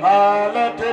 I'll holiday.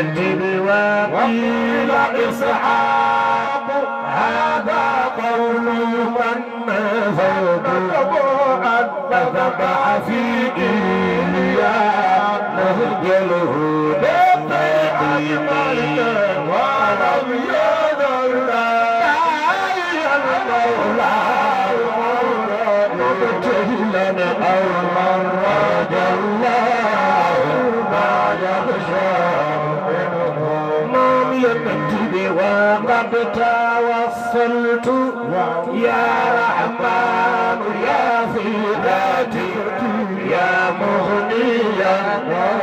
الدب وقيل إصحاب هذا قول من فوقه أن ذبح في إيليا نهجله بالتقيم ولم يدر المولى مبتهلا أو من رجل لقد توصلت يا رحمن يا في يا مغنيا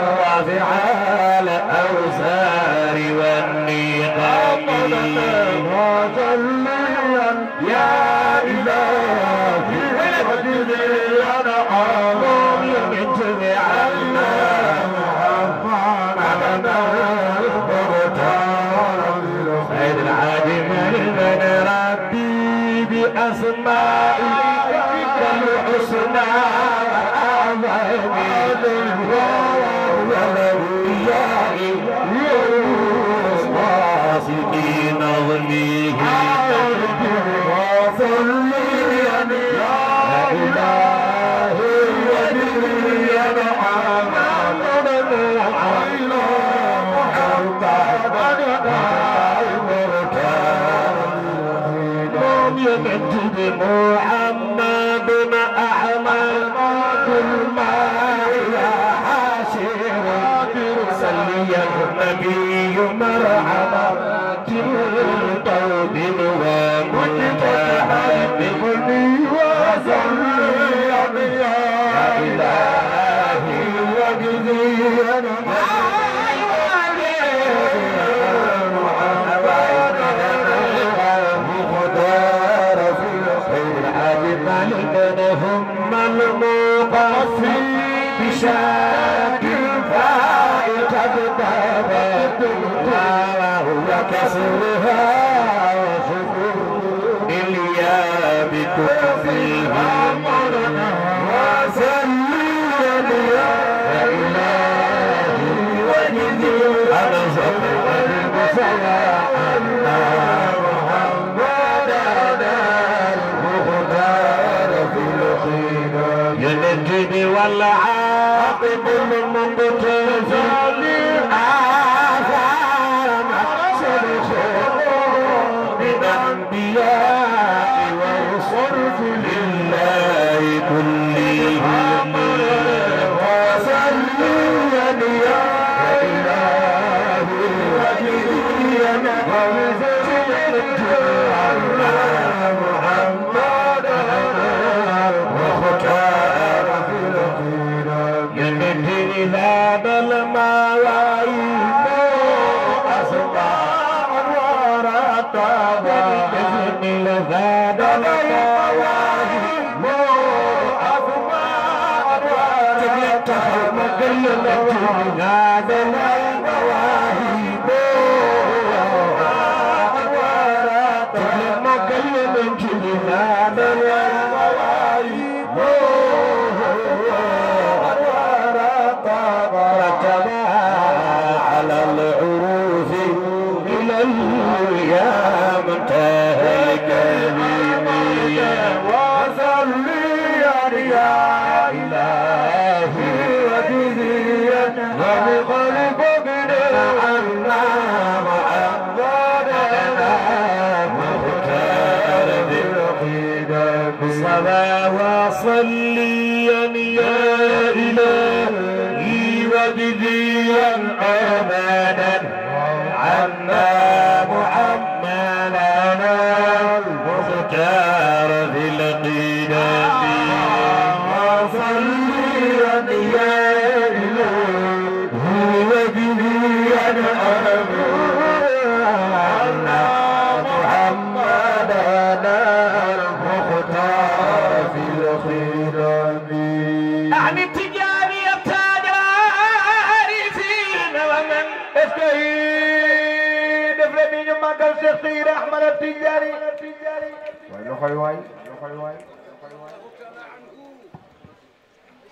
رافعا الأوزار والنقاب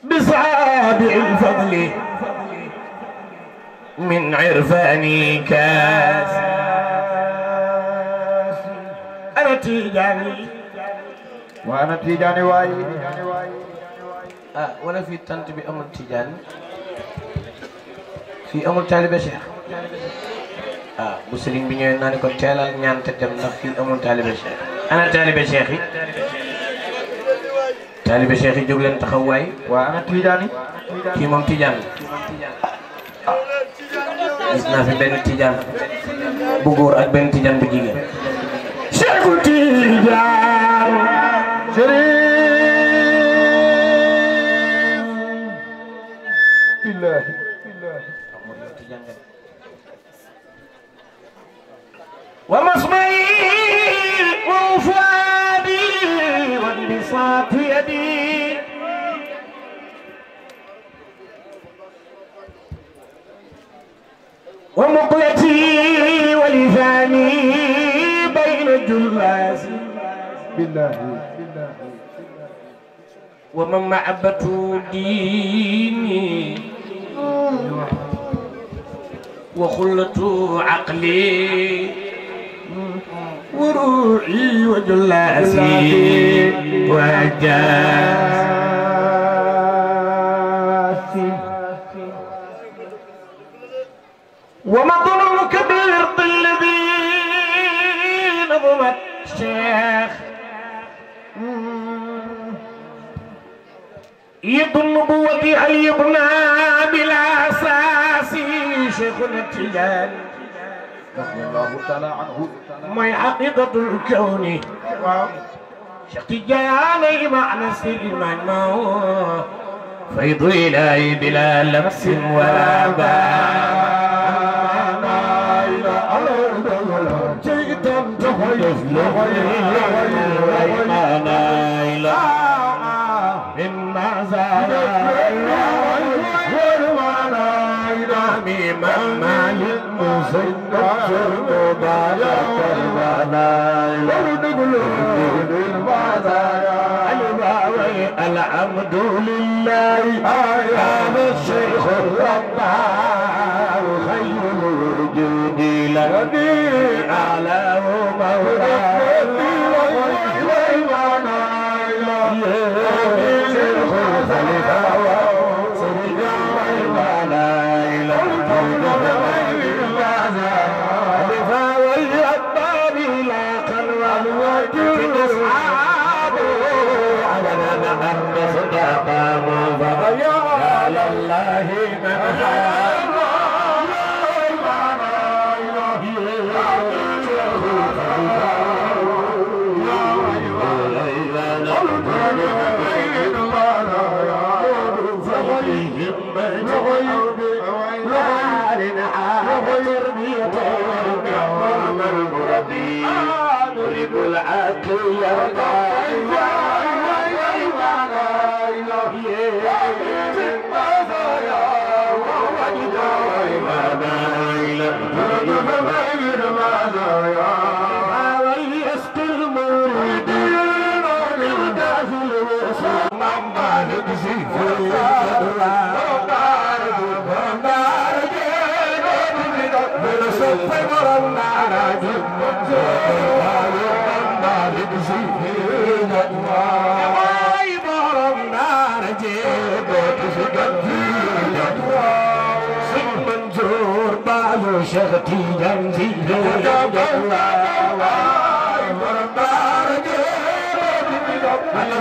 بصعاب way الفضل من عرفاني كاس أنا تيجاني وأنا تيجاني واي آه ولا في تنت بأمر تيجاني في أمر تالي بشيخ waaw ah, bu sëriñ bi ñëwee naa ne ko teelal ñaan te dem ndax fii amul taalibe cheikh ana taalibe cheikh yi taalibe cheikh yi leen taxaw waay waa ana tiijaan yi kii moom tiijaan la gis naa fi benn tiijaan bu góor ak benn tiijaan bu jigéen cheikhul tiijaan الجلاس بالله ومن معبة ديني وخلة عقلي وروحي وجلاسي وجاسي ومضى ابن نبوتي علي ابن بلا اساسي شيخنا التجاني رضي الله تعالى عنه ما حقيقة الكون شيخ تجاني معنى سليمان ما هو فيض إلهي بلا لمس ولا بان جئت تغيظ الحمد لله قام الشيخ الرباع وخير الوجود لدي أعلى شغتي جنزي أنا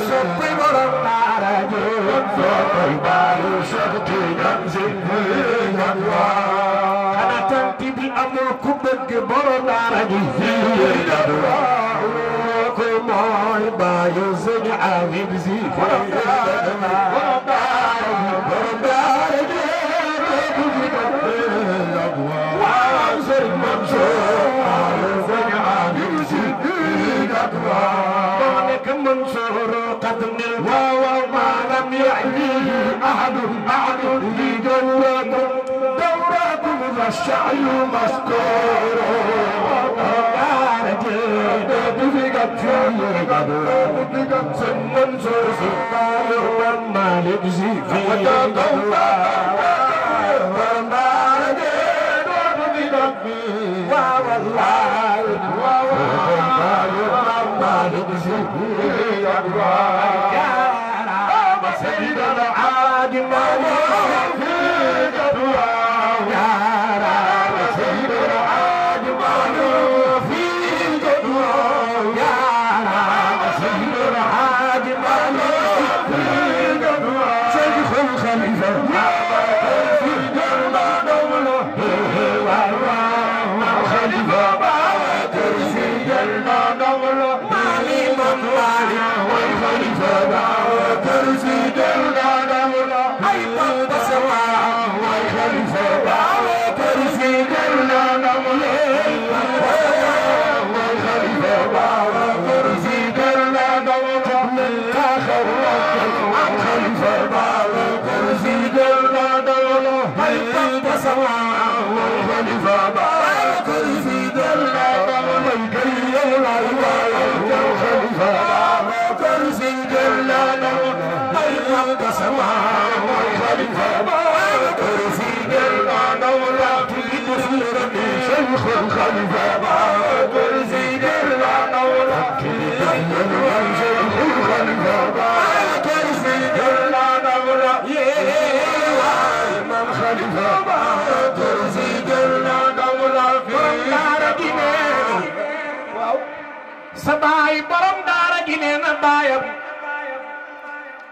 صبي برم نارج صبي بارو شغتي جنزي أنا تنتي بالأمر كبك برم نارج مول بايو زجعاني بزيد منصور قد من الواو ما لم يعنيه أحد أحد في دورة دورة الشعي مسكور منصور سلطان الملك زيفي سيدنا عادل sabaay borom daara gi nee na baayam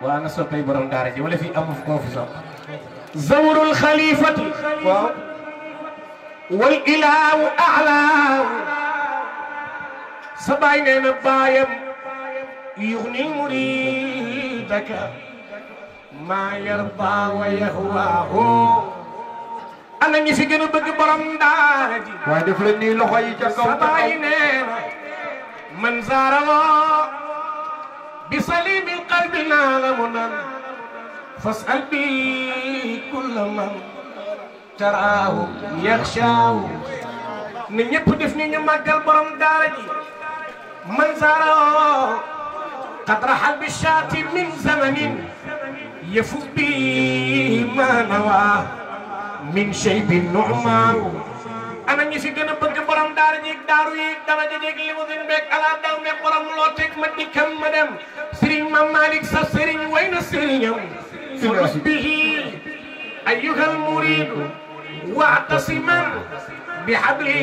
waa na soppay borom daara ji wala fi amu koo fi sax zawrul xalifati waaw والإله أعلى سبعين بايم يغني مريدك ما يرضى ويهواه أنا نسي جنو بك برم دارجي وادف سبعين من زاره بصليب قلبنا لمنا فاسأل بي كل من taraahu yaxshaahu na ñëpp def ni ñu màggal borom daara ji man saaroo qad raxal bi shaati min zamanin yafub bi ma nawaa min shaybi nu'maaru ana ñi si gën a bëgg borom daara ji daaru yi daraja jeeg limousine beeg ala daw ne borom loo teg ma dikkam ma dem Serigne Mame Malick sa Serigne way na Serigne am. Serigne bi ayuha al muridu واعتصما بحبلي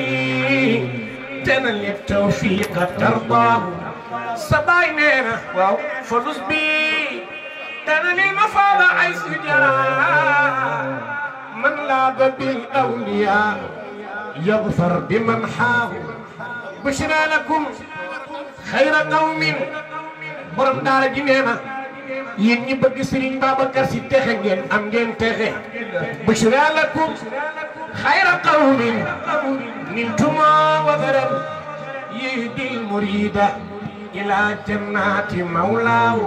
تنل التوفيق ترضى صباينا فلوس بي تنل المفاضة عايز من لعب بالأولياء يغفر بمن حاول بشرى لكم خير قوم برم دار جنينه yéen ñi bëgg Serigne Babacar Sy texe ngeen am ngeen texe bushra lakum xayra qawmin niltuma wadaran yihdi murida ila jannati mawlaaw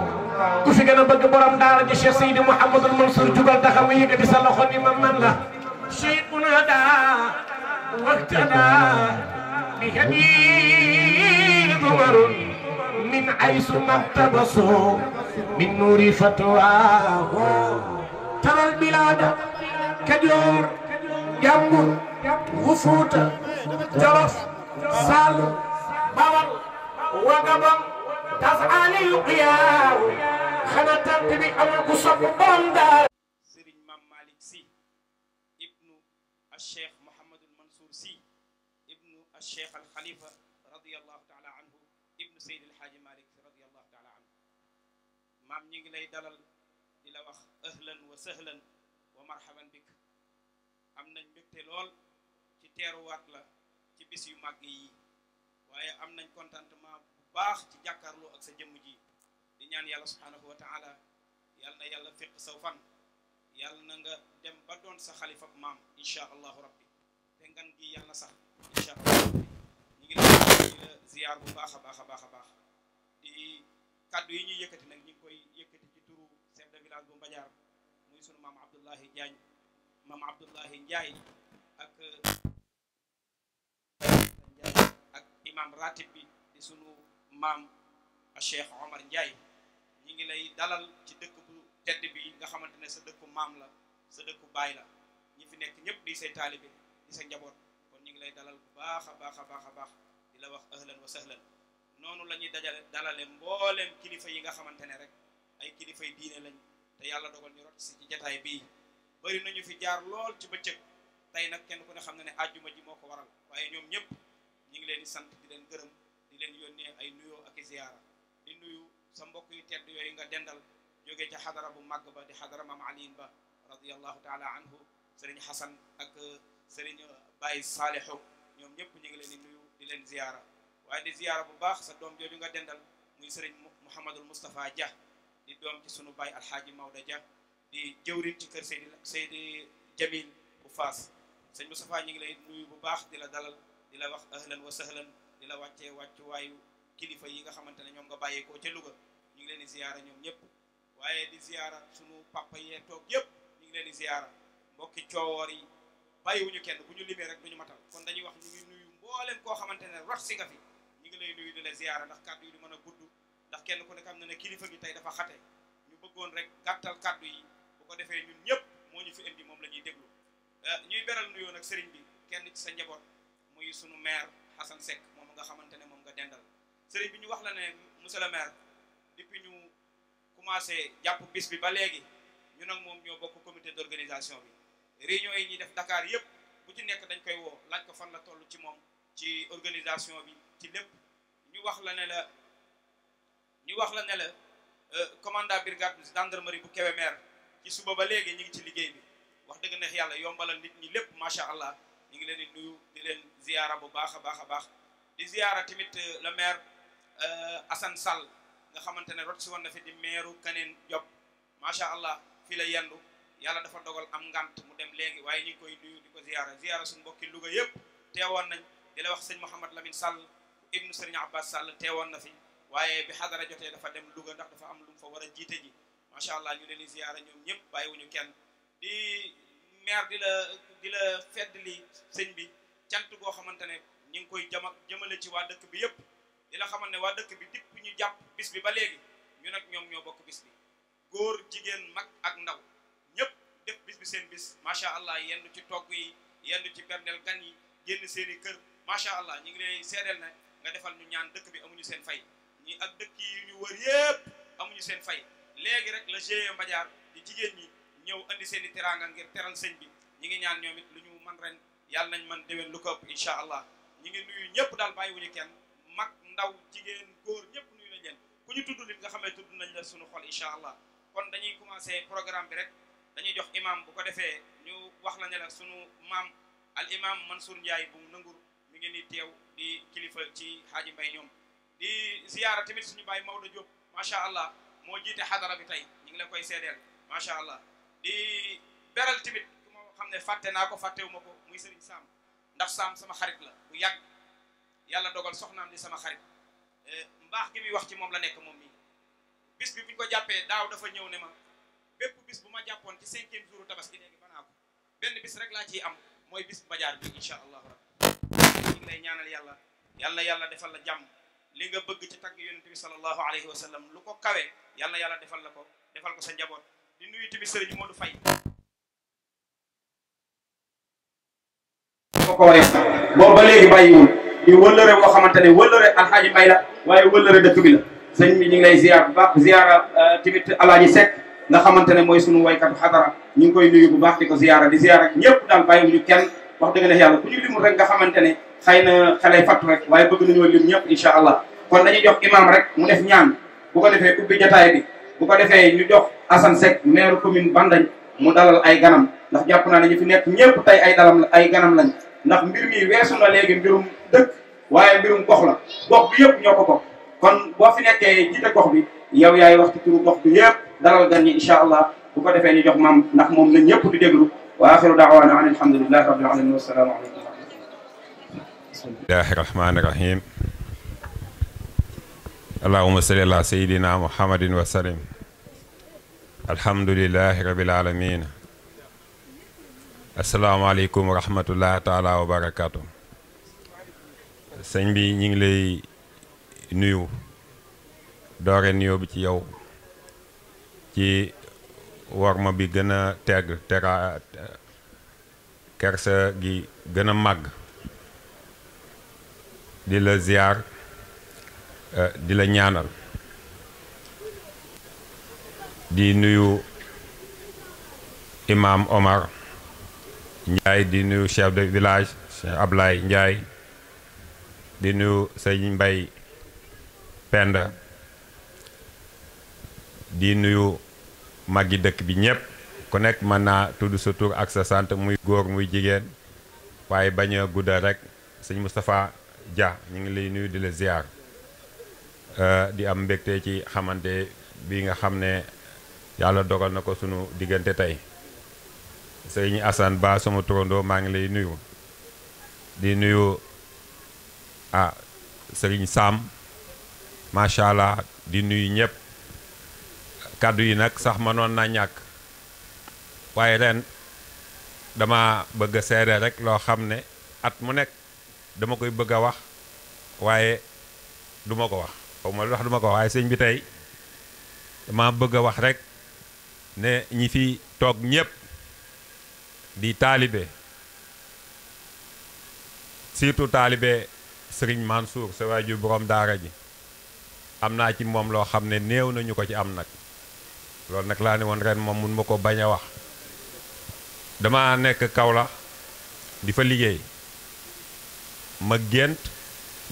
ku fi gën a bëgg borom daara ji Cheikh Seydi Mouhamadul Mansour jugal taxaw yëkkati sa loxo ni ma man la cheikhuna da waqtana bi hadid umarun من حيث ما اقتبسوا من نور فتواه ترى البلاد كجور جنبر غفوت جرف سال بابل وقبل تسعى ليقياه خنا تنتبه أو قصب بندر baax ci jakarlo ak sa jëm ji di ñaan yalla subhanahu wa taala yalla na yalla fiq saw fan yalla na nga dem ba doon sa khalifa ak mam insha Allah rabbi te ngan gi yalla sax insha allah ñu ngi la ziar bu baax di kado yi ñu yëkëti nak ñu koy yëkëti ci turu chef de village bu Mbajaar muy sunu mam abdullah mam abdullah jaay ak imam ratib maam Cheikh Omar Ndiaye ñi ngi lay dalal ci dëkk bu tedd bi nga xamante ne sa dëkku maam la sa dëkku baay la ñi fi nekk ñëpp di say taalibe di sa njaboot kon ñi ngi lay dalal bu baax a baax a baax di la wax ahlan wa sahlan noonu la ñuy dajale dalale mbooleem kilifa yi nga xamante ne rek ay kilifay diine lañ te yàlla dogal ñu rot ci jataay bi bëri nañu fi jaar lool ci bëccëg tey nag kenn ku ne xam ne ne àjjuma ji moo ko waral waaye ñoom ñëpp ñi ngi leen di sant di leen gërëm leen yónnee ay nuyoo ak i ziyaara di nuyu sa mbokk yu tedd yooyu nga dendal jóge ca xadara bu màgg ba di xadara maam aliin ba radiallahu taala anhu sëriñ xasan ak uh, sëriñ Baye Saalixu ñoom ñëpp ñu ngi leen di nuyu di leen ziyaara waaye di ziyaara bu baax sa doom jooju nga dendal muy sëriñ Mouhamadul Moustapha ja di doom ci sunu Baye Alxaaji Maodo Dia di jëwrin ci kër Seydi Seydi Jamil bu Faas sëñ Moustapha ñu ngi lay nuyu bu baax di la dalal di la wax ahlan wa sahlan dina la wàcc waayu kilifa yi nga xamante ne ñoom nga bàyyeekoo ca Louga ñu ngi leen di ziyaara ñoom ñëpp waaye di ziyaara sunu papa yee toog yëpp ñu ngi leen di ziyaara mbokki coowoor yi ñu kenn bu ñu limee rek ñu matal kon dañuy wax ñu ngi nuyu mboolem koo xamante ne rax si nga fi ñu ngi lay nuyu di la ziyaara ndax kàddu yi du mën a gudd ndax kenn ko nekk am na ne kilifa gi tey dafa xate ñu bëggoon rek gàttal kàddu yi bu ko defee ñun ñëpp moo ñu fi indi moom la ñuy déglu eh, ñuy beral nuyoo nag sëriñ bi kenn ci sa njaboot muy sunu maire Assane Seck nga xamante ne moom nga dendal sëriñ bi ñu wax la ne monsieur le maire depuis ñu commencé jàpp bis bi ba léegi ñu nag moom ñoo bokk comité d'organisation bi réunion yi ñuy def Dakar yëpp bu ci nekk dañ koy woo laaj ko fan la tollu ci moom ci organisation bi ci lépp ñu wax la ne la ñu wax la ne la euh, commandant brigade gendarmerie bu Kébémer ci suba ba léegi ñu ngi ci liggéey bi wax dëgg neex yàlla yombalal nit ñi lépp macha allah ñu ngi leen di nuyu di leen ziyaara bu baax a baax a baax di ziyaara tamit euh, le maire euh, Assane sal nga xamante ne rot si woon na fi di maire Kaneen Diop macha allah fii la yendu yàlla dafa dogal am ngant mu dem léegi waaye ñu ngi koy nuyu di ko ziyaara ziyaara suñu mbokki Louga yëpp teewoon nañ di la wax sëñ Mouhamad Lamine Sall ibnu sëriñ Abbas Sall teewoon na fi waaye bi xadara jotee dafa dem Louga ndax dafa am lu mu fa war a jiite ji macha allah ñu leen di ziyaara ñoom ñëpp bàyyiwuñu kenn di maire di la di la fedd li sëñ bi cant goo xamante ne ñu ngi koy jama jëmale ci waa dëkk bi yépp di la xamal ne waa dëkk bi dipp ñu jàpp bis bi ba léegi ñu nag ñoom ñoo bokk bis bi góor jigéen mag ak ndaw ñëpp def bis bi seen bis macha allah yenn ci togg yi yenn ci berndeel gan yi génn seen i kër macha allah ñu ngi lay seedeel na nga defal ñu ñaan dëkk bi amuñu seen fay ñi ak dëkk yi ñu wër yépp amuñu seen fay léegi rek la GIE Mbadiar di jigéen ñi ñëw andi seen i teraanga ngir teral sëñ bi ñi ngi ñaan ñoom it lu ñu man ren yàlla nañ man déwén lu ko ëpp allah ñi ngi nuyu ñëpp daal bàyyiwuñu kenn mag ndaw jigéen góor ñëpp nuyu nañ leen ku ñu tudd nit nga xam ne tudd nañ la suñu xol incha allah kon dañuy commencé programme bi rek dañuy jox imam bu ko defee ñu wax la ne la sunu maam al imam Mansour Ndiaye bu nangur mi ngi ni teew di kilifa ci xaaji mbay ñoom di ziyaara tamit suñu bàyyi Maodo Diop macha allah moo jiite xadara bi tey ñu ngi la koy seedeel macha allah di beral tamit ku moo xam ne fàtte naa ko fàttewu ma ko muy Serigne Sam ndax saam sama xarit la bu yàgg yàlla dogal soxnaam di sama xarit eh, mbaax gi muy wax ci moom la nekk moom mi bis bi bu ko jàppee daaw dafa ñëw ne ma bépp bis bu ma jàppoon ci cinquième jour benn bis rek laa ciy am mooy bis bu bi incha allahu rabbi ñu ngi yàlla yàlla yàlla defal la jàmm li nga bëgg ci tagg yonent bi sallallahu alayhi wa sallam lu ko kawee yàlla yàlla defal la ko defal ko sa njaboot di nuyu tamit sëriñ Modou fay dafa ko waree boobu ba léegi bàyyiwul ñu wëllëre boo xamante ne wëllëre alxaaji bay la waaye wëllëre dëkk bi la sëñ bi ñu ngi lay ziar bu baax ziara euh, tamit alaaji Seck nga xamante ne mooy sunu waykatu xadara ñu ngi koy nuyu bu baax di ko ziara di ziara ñëpp daal bàyyiwuñu kenn wax dëgg ne yàlla ku ñu limul rek nga xamante ne xëy na xelay fattu rek waaye bëgg nañoo lim ñëpp incha allah kon dañuy jox imam rek mu def ñaan bu ko defee ubbi jotaay bi bu ko defee ñu jox Assane Seck maire commune Bandañ mu dalal ay ganam ndax jàpp naa ne ñu nekk ñëpp tey ay dalam ay ganam lañ ndax mbir mi weesu na léegi mbirum dëkk waaye mbirum gox la gox bi yëpp ñoo ko bokk kon boo fi nekkee jiite gox bi yow yaay wax ci turu gox bi yëpp dalal gan ñi incha allah bu ko defee ñu jox maam ndax moom la ñëpp di déglu wa axiru daawaana an alhamdulilahi rabbil alamin wasalaamu aleykum bismillahi rahmaani rahim allahuma salli ala sayidina muhammadin wa salim alhamdulilahi rabbil alamin Assalamualaikum wa rahmatullah ta'ala wa barakatuh sëñ bi ñi ngi lay nuyu doore nuyu bi ci yow ci warma bi gëna tegg tera kersa gi gëna mag di la ziar eh, di la ñaanal di nuyu Imam Omar. Ndiaye di nuyu chef de village Cheikh Ablaye njaay di nuyu sëñ Mbay pend di nuyu màggi dëkk bi ñëpp ku nekk mën naa tudd sa tur ak sa sant muy góor muy jigéen waaye bañ a guddal rekk sëñ Moustapha ja ñu ngi lay nuyu di la ziar euh, di am mbégte ci xamante bi nga xam ne yàlla dogal na ko sunu diggante tey sëriñ Assane Ba sama turandoo maa ngi lay nuyu di nuyu ah sëriñ Sam macha allah di nuyu ñëpp kàddu yi nag sax ma noon naa ñàkk waaye ren dama bëgg a seere rek loo xam ne at mu nekk dama koy bëgg a wax waaye duma ko wax xaw ma lu tax du ko wax waaye sëñ bi tey dama bëgg a wax rek ne ñi fi toog ñëpp di taalibe surtout taalibe Serigne Mansour sa waajur borom daara ji am naa ci moom loo xam ne néew nañu ko ci am nag loolu nag laa ne woon ren moom mun ma ko bañ a wax dama nekk Kaolack di fa liggéey ma gént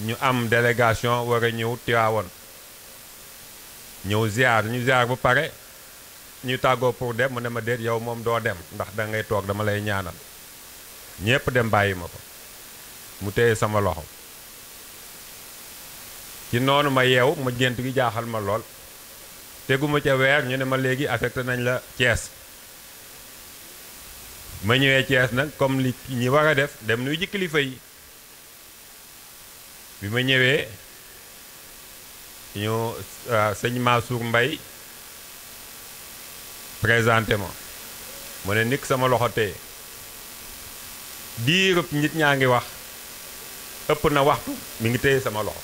ñu am délégation war a ñëw Tiwaawoon ñëw ziar ñu ziar bu pare ñu tàggoo pour dem mu ne ma déet yow moom doo dem ndax dangay toog dama lay ñaanal ñépp dem bàyyi ma ko mu téye sama loxo ci noonu ma yeew ma gént gi jaaxal ma lool teguma ca weer ñu ne ma léegi affecté nañ la Thiès ma ñëwee Thiès nag comme li ñi war a def dem nuy ji yi bi ma ñëwee ñu euh, sëñ Mansour Mbaye présenté ma mu ne nikk sama loxo tee diirub nit ñaa ngi wax ëpp na waxtu mu ngi téye sama loxo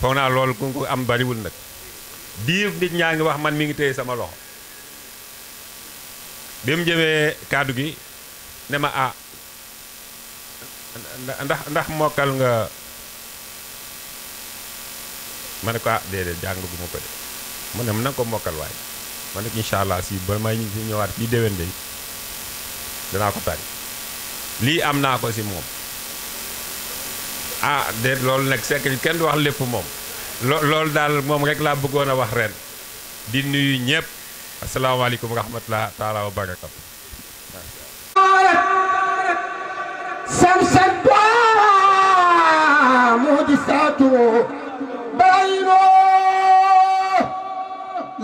foog naa lool ku ko am bariwul nag diirub nit ñaa ngi wax man mi ngi téye sama loxo bi mu jëmee kàddu gi ne ma a ah, ndax ndax mokkal nga ma ne ko ah déedéet jàng bu ma ko de mu ne na nga ko mokkal waaye man nak Allah si ba may ñëwaat fi déwén day dana ko tari li am na ko si mom ah de lool nak sekk kenn du wax lepp mom lool dal mom rek la bëggona wax ren di nuyu ñepp assalamu alaykum wa rahmatullahi ta'ala wa barakatuh سمسد مودي ساتو باينو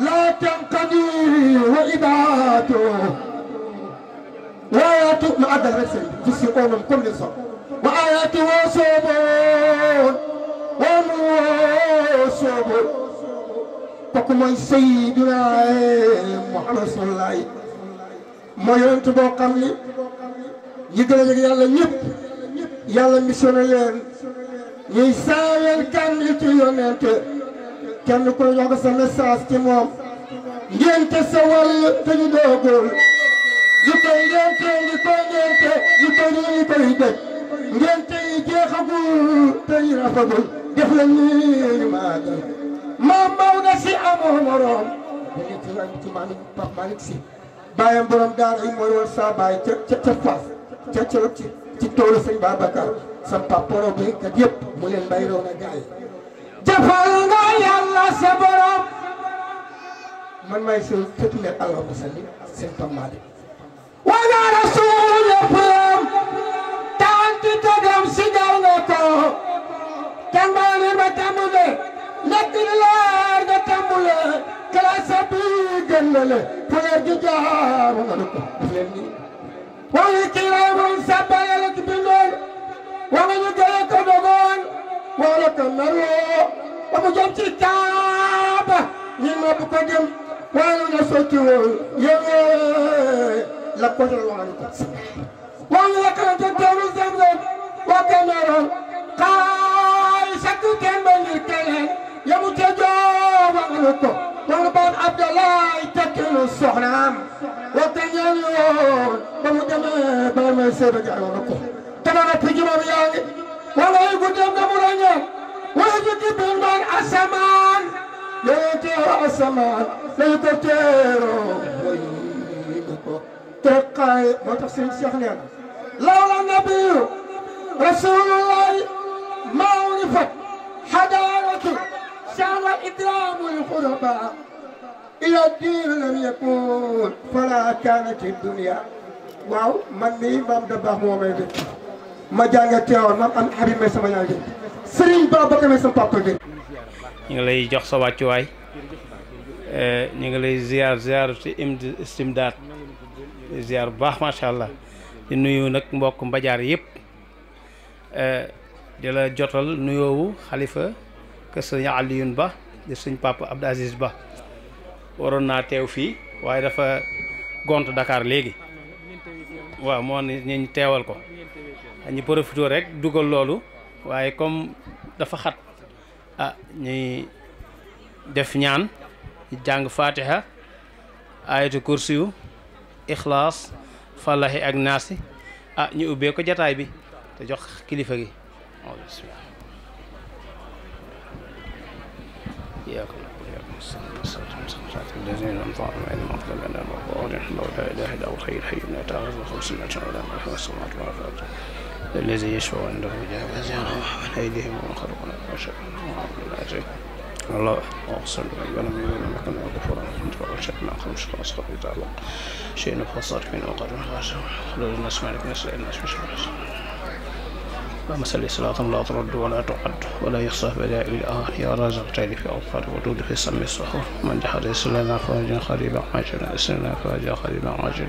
لا تنقضي وإباته وآياته ما أدل رسل فسيقون كل صوم وآياته صومون ومو صومون kooku mooy Seydina Muhammad Rasulullah mooy yonent boo xam ni ñi gën a yëg yàlla ñëpp yàlla missionné leen ñuy saaweel kan li ci yonent kenn ku ñoo ko sa message ci moom ngénte sa wàll te ñu doogul ñu koy ngénte ñu koy ngénte ñu koy ñu ñu koy dëj ngénte yi jeexagul te yi rafagul def la nii maagal maam Maodo si amoo morom dañuy turam ci Malick Pape Malick si bàyyam borom daara yi mooy woon saa baay ca ca ca ca ca ci ci toolu sëñ Babacar sa papa borom béykat yëpp mu leen bayroo na gaay jafal nga yàlla sa borom man maay seen tëtu leen salli si gal nga ko tàmbali ba tàmbale nekk di leer nga tàmbale classe bi gën na la puleer gi jaamu nga ko leen nii wala kii lay mun sàbbayal ak bindoon wala ñu gën a ko dogoon wala ka naroo ba mu jëm ci taaba ñi ma bu ko dem waaye na sotti woon yéen la ko dal waan ko wala la kala te doomu zamzam wa ka naroo xaay sakku kenn ba ngir keneen yamu te joo wàllu ko wala baam Abdoulaye tekkilu soxnaam wa ka ñaan yoon ba mu demee ba mu seebe jaay wala ko dama noppi juróom yaa ngi wala yi guddeem da mu ràññee wala ñu ci biir naan asamaan yéen teeroo asamaan lay ko teeroo te xaay moo tax sëriñ Cheikh nee na lawla nabiyu rasulullahi maa urifat xadaaratu saana idraamu lxurabaa ila diin lam yakun fala kaanat dunia waaw man mii maam da baax moo may dëkk ma jàngee teewoon nag am Habib may sama yaay jël Serigne Babacar may ñu ngi lay jox sa wàccuwaay euh, ñu ngi lay ziar ziar bu baax macha allah di nuyu nag mbokk mbajaar yëpp euh, di la jotal nuyoowu xalifa kër sëñ Alioune Ba di suñ pàpp Abdou Aziz Ba waroon naa teew fii waaye dafa gont Dakar léegi waaw moo ne ñu teewal ko. ñu profité rek dugal loolu waaye comme dafa xat ah ñuy def ñaan jàng fatiha ayatu kursiyu ikhlas falahi ak naasi ah ñu ubbee ko jataay bi te jox kilifa gi bismillah الذي يشفع عنده جاوز جناح من أيديهم وخلقنا وشأنهم العزيز الله أغسل ولم يكن لكم غفورا وشأن آخر مشكلة خلاص في على شيء نفصل فينا من نغاشر خلود الناس مالك الناس لا الناس مش خلاص اللهم صل صلاة لا ترد ولا تعد ولا يحصى بدائل الآن يا رازق تالي في أوقات ودود في سم الصخور من جحد إسلامنا فرجا خريبا عاجلا إسلامنا فرجا خريبا عاجلا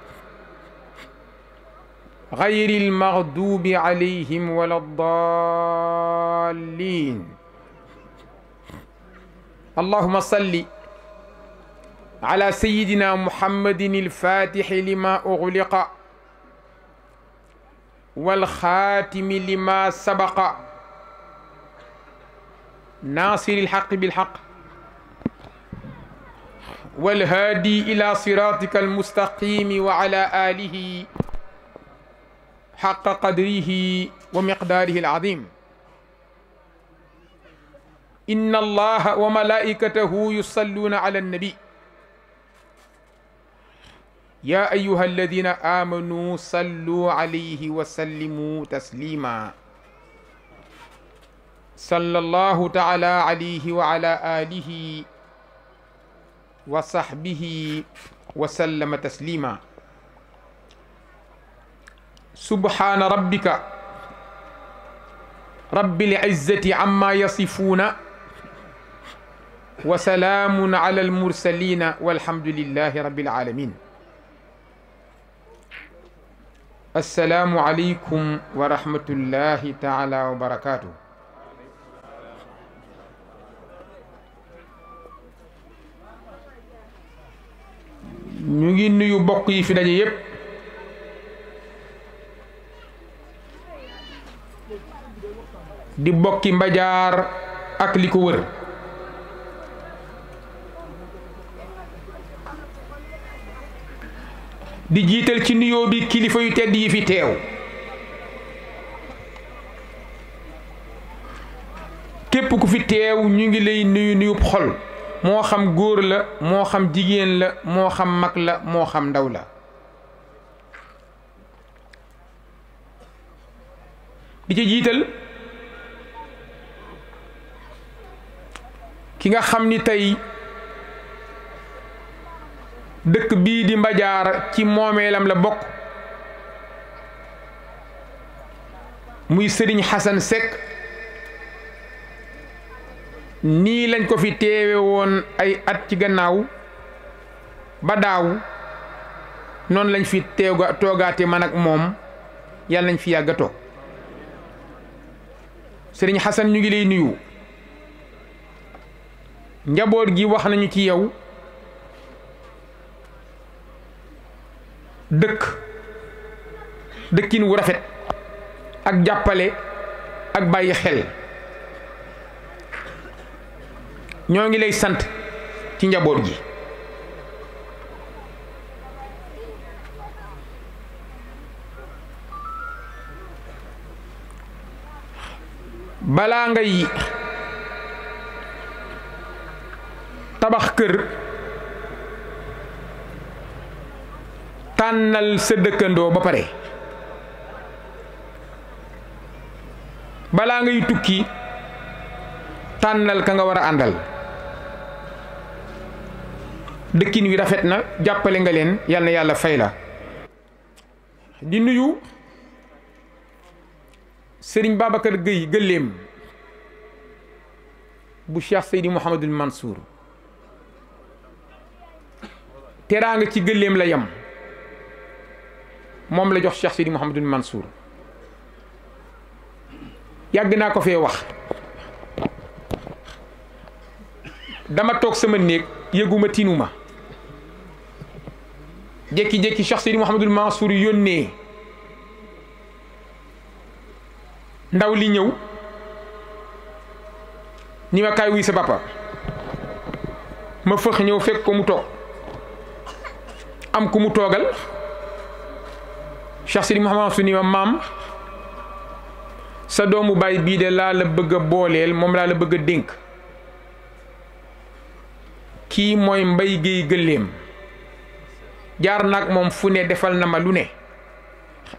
غير المغضوب عليهم ولا الضالين اللهم صل على سيدنا محمد الفاتح لما أغلق والخاتم لما سبق ناصر الحق بالحق والهادي إلى صراطك المستقيم وعلى آله حق قدره ومقداره العظيم إن الله وملائكته يصلون على النبي يا أيها الذين آمنوا صلوا عليه وسلموا تسليما صلى الله تعالى عليه وعلى آله وصحبه وسلم تسليما سبحان ربك رب العزة عما يصفون وسلام على المرسلين والحمد لله رب العالمين السلام عليكم ورحمة الله تعالى وبركاته نجي نيو بقي في yi fi di bokki mbajaar ak li ko wër di jiital ci nuyoo bi kilifa yu tedd yi fi teew képp ku fi teew ñu ngi lay nuyu nuyub xol moo xam góor la moo xam jigéen la moo xam mag la moo xam ndaw la ki nga xam ni tey dëkk bii di mbajaar ci moomeelam la bokk muy sëriñ xasan Seck nii lañ ko fi teewe woon ay at ci gannaaw ba daaw noonu lañ fi teega toogaate man ak moom yàlla nañ fi yàggatoo sëriñ xasan ñu ngi lay nuyu njaboot gi wax nañu ci yow dëkk dëkkin wu rafet ak jàppale ak bàyyi xel ñoo ngi lay sant ci njaboot gi balaa ngay tabax kër tànnal sa dëkkandoo ba pare balaa ngay tukki tànnal ka nga war a àndal dëkkin wi rafet na jàppale nga leen yal yàlla fay la di nuyu sëriñ Babacar Gueye gëléem bu Cheikh Seydi Mouhamadul Mansour teraanga ci gëléem la yem moom la jox Cheikh Sidi Mouhamadou Mansour yàgg naa ko fee wax dama toog sama néeg yëguma ma jékki-jékki Cheikh Sidi Mouhamadou Mansour yónnee ndaw li ñëw ni ma kaay wuy sa papa ma fëx ñëw fekk ko mu toog am ku mu toogal Cheikh Sidi Mouhamad su ni ma maam sa doomu baay bii de laa la bëgg a booleel moom laa la bëgg a dénk kii mooy mbay géey gëléem jaar naag moom fu ne defal na ma lu ne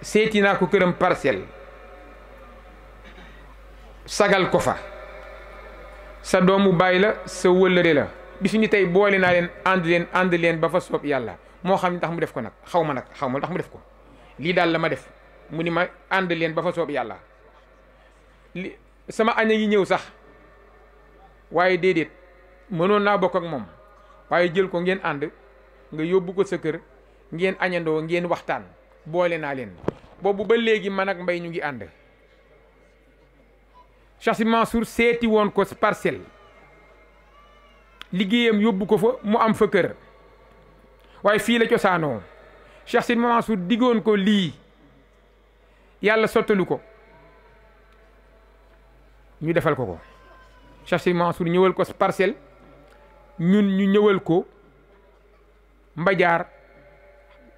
seeti naa ko këram parsel sagal ko fa sa doomu baay la sa wëllëre la bis ni tey boole naa leen ànd leen ànd leen ba fa soob yàlla moo xam ndax mu def ko nag xaw ma nag xaw ma ndax mu def ko lii daal la ma def mu ni ma ànd leen ba fa soob yàlla li sama aña ngi ñëw sax waaye déedéet mënoon naa bokk ak moom waaye jël ko ngeen ànd nga yóbbu ko sa kër ngeen añandoo ngeen waxtaan boole naa leen boobu ba léegi man ak mbay ñu ngi ànd Cheikh Sy seeti woon ko parcelle liggéeyam yóbbu ko fa mu am fa kër waaye fii la cosaanoo Cheikh Sidi Mansour diggoon ko lii yàlla sottalu ko ñu defal ko ko Cheikh Sidi Mansour ñëwal ko parcelle ñun ñu ñëwal ko mbajaar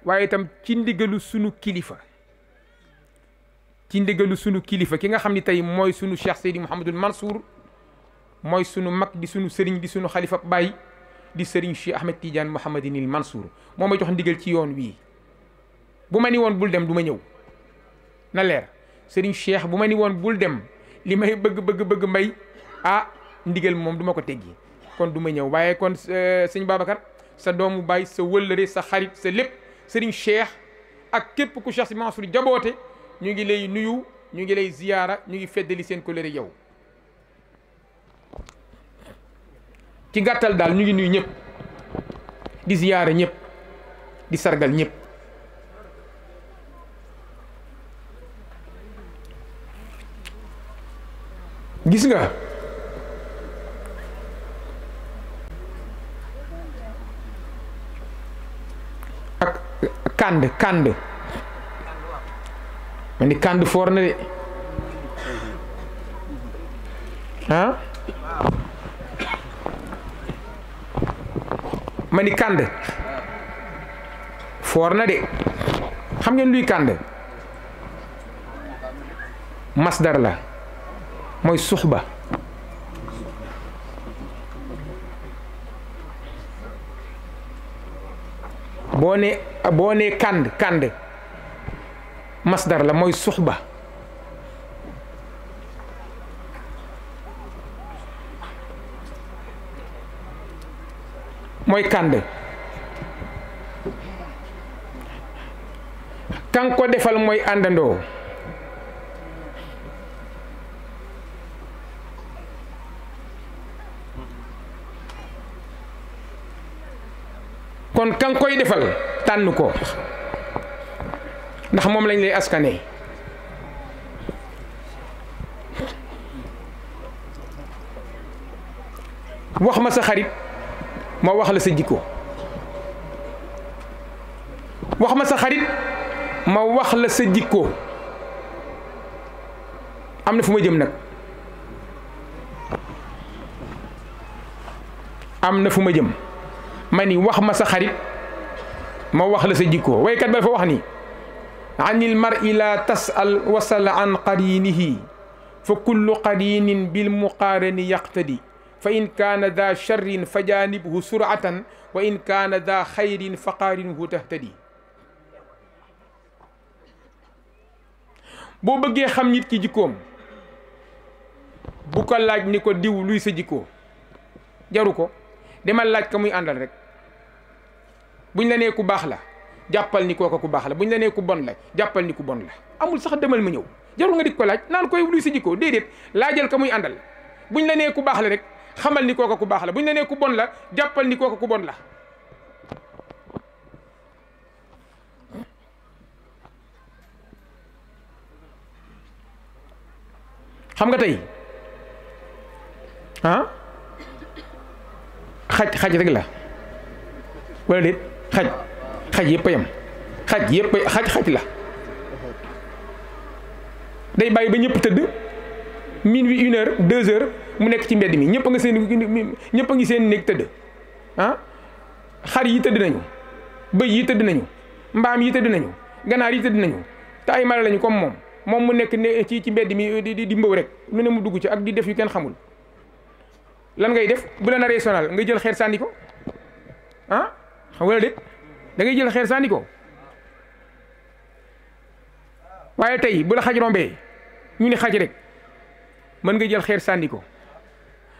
waaye itam ci ndigalu sunu kilifa ci ndigalu sunu kilifa ki nga xam ni tey mooy sunu Cheikh Seydi Mouhamadul Mansour mooy sunu mag di sunu sëriñ di sunu xalifa baay di sëriñ Cheikh Ahmed Tidiane Mouhamadinil Mansour moo ma jox ndigal ci yoon wii bu ma ni woon bul dem du ma ñëw na leer sëriñ Cheikh bu ma ni woon bul dem li may bëgg bëgg bëgg mbay ah ndigal moom duma ko teggi kon du ñëw waaye kon euh, sëñ Babacar sa doomu baay sa sa xarit sa lépp sëriñ Cheikh ak képp ku Cheikh si Mansour jaboote ñu ngi lay nuyu ñu ngi lay ziyaara ñu ngi feddali seen kóllëre yow ci gàttal daal ñu ngi nuyu ñëpp di ziyaare ñépp di sargal ñëpp gis nga ak kànd kànd ma ni kànd foor na de ah mani ni foor na de xam ngeen luy kànde masdar la mooy suxba boo nee boo nee kànd kànd masdar la mooy suxba mooy Kande kan ko defal mooy àndandoo kon kan koy defal tànn ko ndax moom lañ lay askane wax ma sa xarit ما واخ لا سديكو واخ ما سا خريط ما واخ لا سديكو امنا فما جيم نك امنا فما جيم ماني واخ ما سا خريط ما واخ لا سديكو واي كات با فا واخني عن المرء لا تسأل وصل عن قرينه فكل قرين بالمقارن يقتدي fa in kaana daa charrin fa janibhu suratan wa in kaana da xayrin fa qaarinhu tahtadi boo bëggee xam nit ki jikkoom bu ko laaj ni ko diw luy sa jikkoo jaru ko demal laaj ka muy àndal rek buñ la nee ku baax la jàppal ni ko ku baax la buñ la nee ku bon la jàppal ni ku bon la amul sax demal ma ñëw jarul nga dik ko laaj naan koy luy sa jikkoo déedéet laajal ka muy àndal buñ la nee ku baax la rek xamal ni kooka ku baax la bu ñu la nee ku bon la jàppal ni kooka ku bon la xam nga tey ah xaj xaj rek la wala déet xaj xaj yëpp a xaj yëpp xaj xaj la day bàyyi ba ñëpp tëdd minuit une heure deux mu nek ci mbedd mi ñepp nga seen ñepp nga seen nek teud ah xar yi teud nañu bay yi teud nañu mbam yi teud nañu ganar yi teud nañu tay ay mala lañu comme mom mom mu nek ci ci mbedd mi di di mbaw rek lu ne mu dugg ci ak di def yu kenn xamul lan ngay def bu la naree sonal nga jël xeer sandiko han ah xam wala déet da ngay jël xeer sandiko waye tay bu la xajrombe ñu ni xaj rek man nga jël xeer sandiko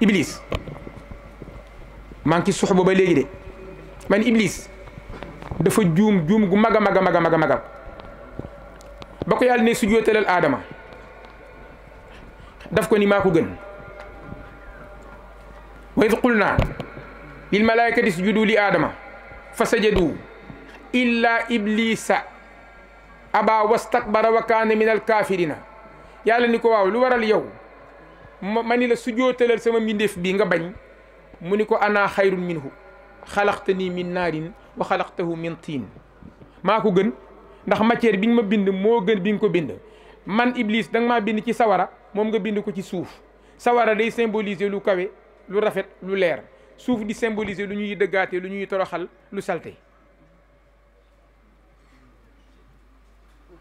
Iblis maa ngi ci suxba ba léegi de man Iblis dafa juum juum gu mag a mag a mag a magal ba ko yàlla ne su jootalal aadama daf ko ni maa ko gën wa id qulna lil malaikati sujudu li aadama fa sajadu illa iblisa aba wastakbara wa kaana min alkaafirina yàlla ni ko waaw lu waral yow ma ni la sujootalal sama mbindeef bii nga bañ mu ni ko ana xayrun minhu xalaqtani min naarin wa xalaqtahu min tiin maa ko gën ndax matière bi nga ma bind moo gën bi nga ko bind man Iblis danga nga maa bind ci sawara moom nga bind ko ci suuf sawara day symboliser lu kawe lu rafet lu leer suuf di symboliser lu ñuy dëggaate lu ñuy toroxal lu salte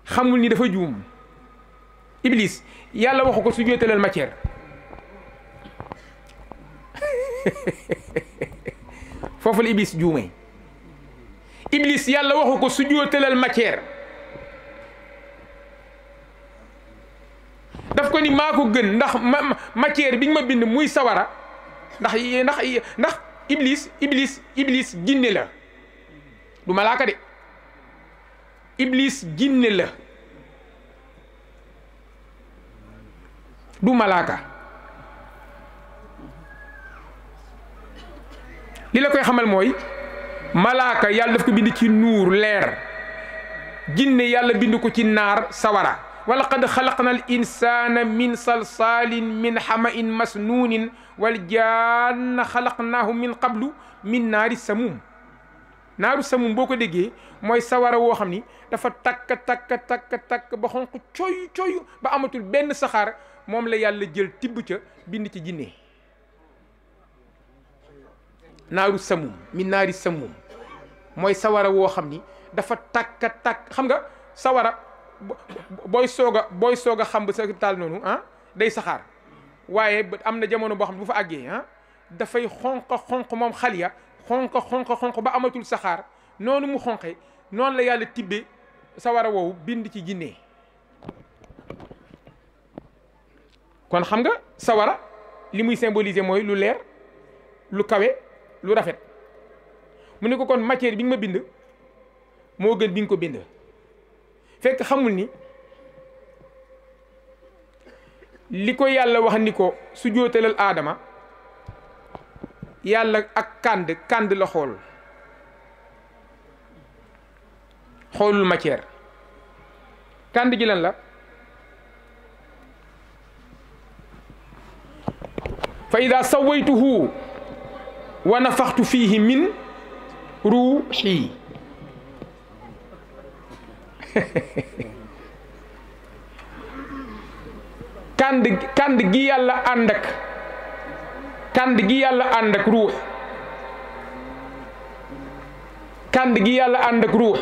xamul ni dafa juum Iblis yàlla waxu ko su matière foofu la iblis juumee iblis yàlla waxu ko sujjóotalal matière daf ko ni maa ko gën ndax ma matière ma bind muy sawara ndax ndax ndax iblis iblis jinne la du malaaka de iblis jinne la du malaaka li la koy xamal mooy malaaka yàlla daf ko bind ci nuur leer jinne yàlla bind ko ci naar sawara wa laqad xalaqna al insana min salsalin min xama in masnuunin wal janna xalaqnaahu min qablu min naari samum naaru samum boo ko déggee mooy sawara woo xam ni dafa takk takk takk takk ba xonq coyu coyu ba amatul benn saxaar moom la yàlla jël tibb ca bind ci jinne naaru samum min naari samum mooy sawara woo xam ni dafa tàkka tàkk xam nga sawara booy soog a booy soog a xam ba sa taal noonu ah day saxaar waaye am na jamono boo xam ne bu fa àggee ah dafay xonq xonq moom xal ya xonq xonq xonq ba amatul saxaar noonu mu xonqe noonu la yàlla tibbee sawara woowu bind ci jinne kon xam nga sawara li muy symboliser mooy lu leer lu kawe lu rafet mu ne ko kon matière bi nga ma bind moo gën bi nga ko bind fekk xamul ni li ko yàlla wax ni ko su aadama yàlla ak kànd kànd la xool xoolul matière kànd gi lan la fa ida sawaytuhu ونفخت فيه من روحي كاند كاند جي الله عندك كاند جي الله عندك روح كاند جي الله عندك روح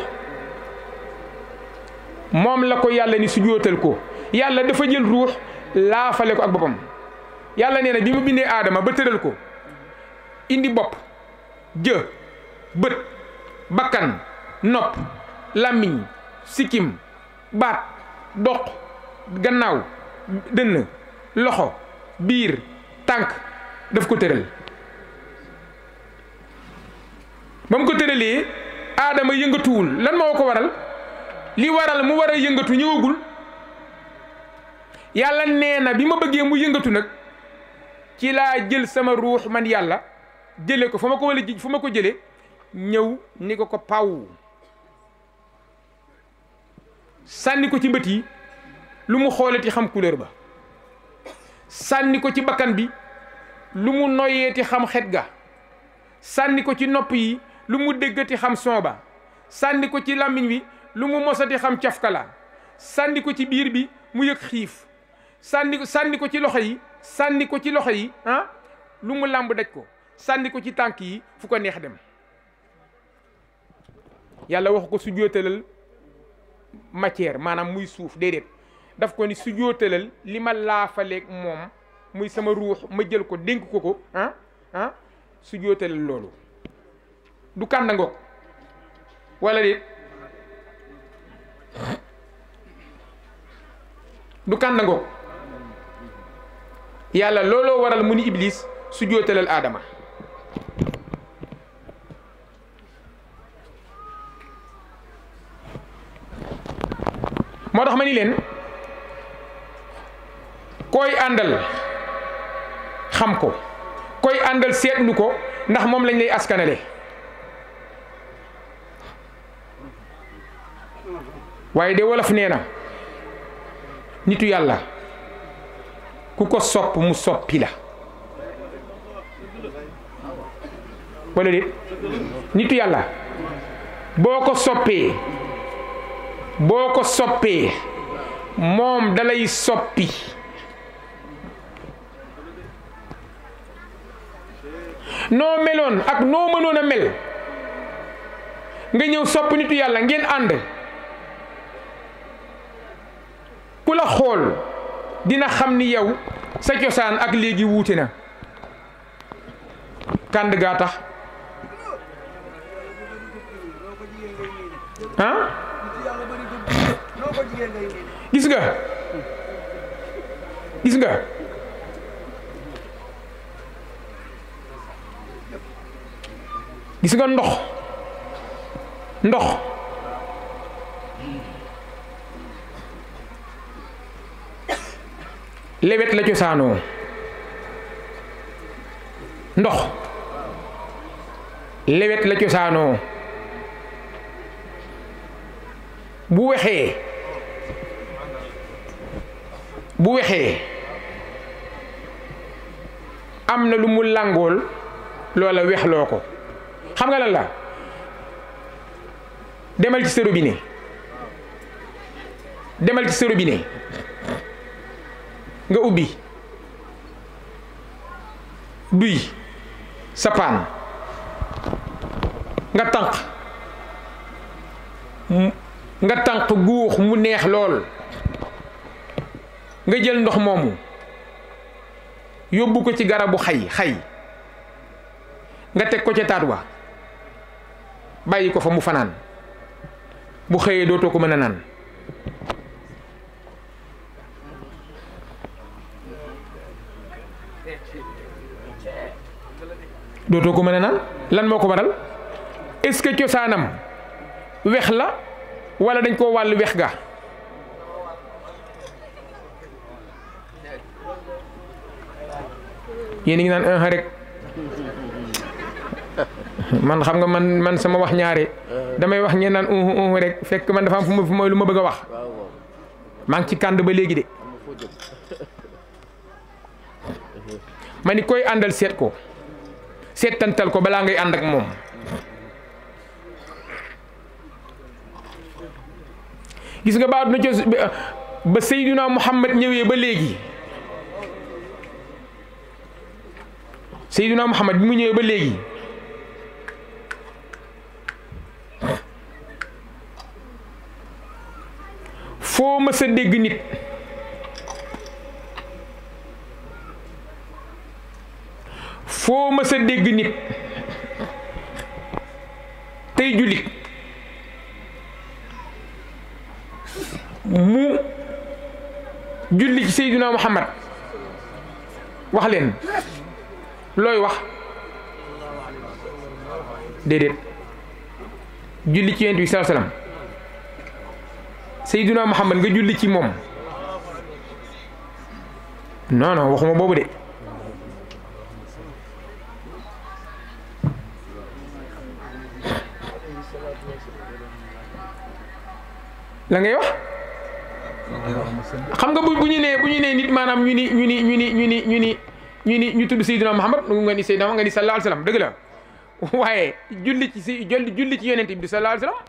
موم لاكو يالا ني سجوتال كو يالا دا فا جيل روح لا فاليكو اك بوبام يالا نينا بيمو بيني ادمه با تيرال كو indi bopp jë bët bakkan nopp làmmiñ sikkim baat doq gannaaw dënn loxo biir tànk daf ko tëral ba mu ko tëralee aadama yëngatuwul lan moo ko waral li waral mu war yëngatu ñëwagul yàlla nee na bi ma bëggee mu yëngatu nag ci laa jël sama ruux man yàlla jëlee ko fa ma ko wala ji fu ma ko jële ñëw ni ko ko paw sànni ko ci bët yi lu mu xooleeti xam couleur ba sànni ko ci bakkan bi lu mu noyeeti xam xet ga sànni ko ci nopp yi lu mu déggati xam son ba sànni ko ci làmmiñ wi lu mu mosati xam cafkala sànni ko ci biir bi mu yëg xiif sànni sànni ko ci loxo yi sànni ko ci loxo yi ah, lu mu làmb daj ko sànni ko ci tànk yi fu ko neex dem yàlla wax ko sujjóotalal matière maanaam muy suuf déedéet daf ko ni sujjóotalal li ma laafaleeg moom muy sama ruux ma jël ko dénk ko ko ah ah sujjóotalal loolu du kàndangoog wala déet du kàndangoog yàlla looloo waral mu ni iblis sujjóotalal aadama moo tax ma ni leen koy àndal xam ko koy àndal seetlu ko ndax moom lañ lay askanale waaye de wolof nee na nitu yàlla ku ko sopp mu soppi la wala déet nitu yàlla boo ko soppee boo ko soppee moom dalay soppi noo meloon ak noo mënoon a mel nga ñëw sopp yàlla ngeen ànd ku la xool dina xam ni yow sa cosaan ak léegi wuute na kànd gaa tax ah gis nga gis nga gis nga ndox ndox lewet la cosaanoo ndox lewet la cosaanoo bu wexee bu wexee am na lu mu langool loola wexloo ko xam nga lan la demal ci sa robinet demal ci sa robinet nga ubbi duy sa paan nga tànq nga tànq guux mu neex lool nga jël ndox moomu yóbbu ko ci garabu xay xay nga teg ko ca taat wa bàyyi ko fa mu fanaan bu xëyee dootoo ko mën a naan dootoo ko mën a lan moo ko waral est-ce que cosaanam wex la walla dañ koo wàllu weex ga yéen ngi nan un rek man xam nga man man sama wax ñaare damay wax ngeen nan un un rek fekk man dafa am fu moy luma bëgg wax maa ngi ci kànd ba léegi de ma ni koy andal seet ko seetantal ko bala ngay and ak mom gis nga ba ci ba Seydina Muhammad ñewé ba léegi. Seydina Muhammad bi mu ñëwee ba léegi foo mës a dégg nit foo mës dégg nit tey jullit mu julli ci Muhammad wax looy wax déedéet julli ci yonent bi sallallahu alayhi Muhammad nga julli ci moom non non waxuma boobu de la ngay wax xam nga bu bu ñu nee bu ñu nee nit maanaam ñu ni ñu ni ñu ni ñu ni ñu tudd Seydina Muhammad nu nga ni Seydina nga ni sallallahu alayhi wasallam dëgg la waaye julli ci si julli ci yonent bi sallallahu alayhi wasallam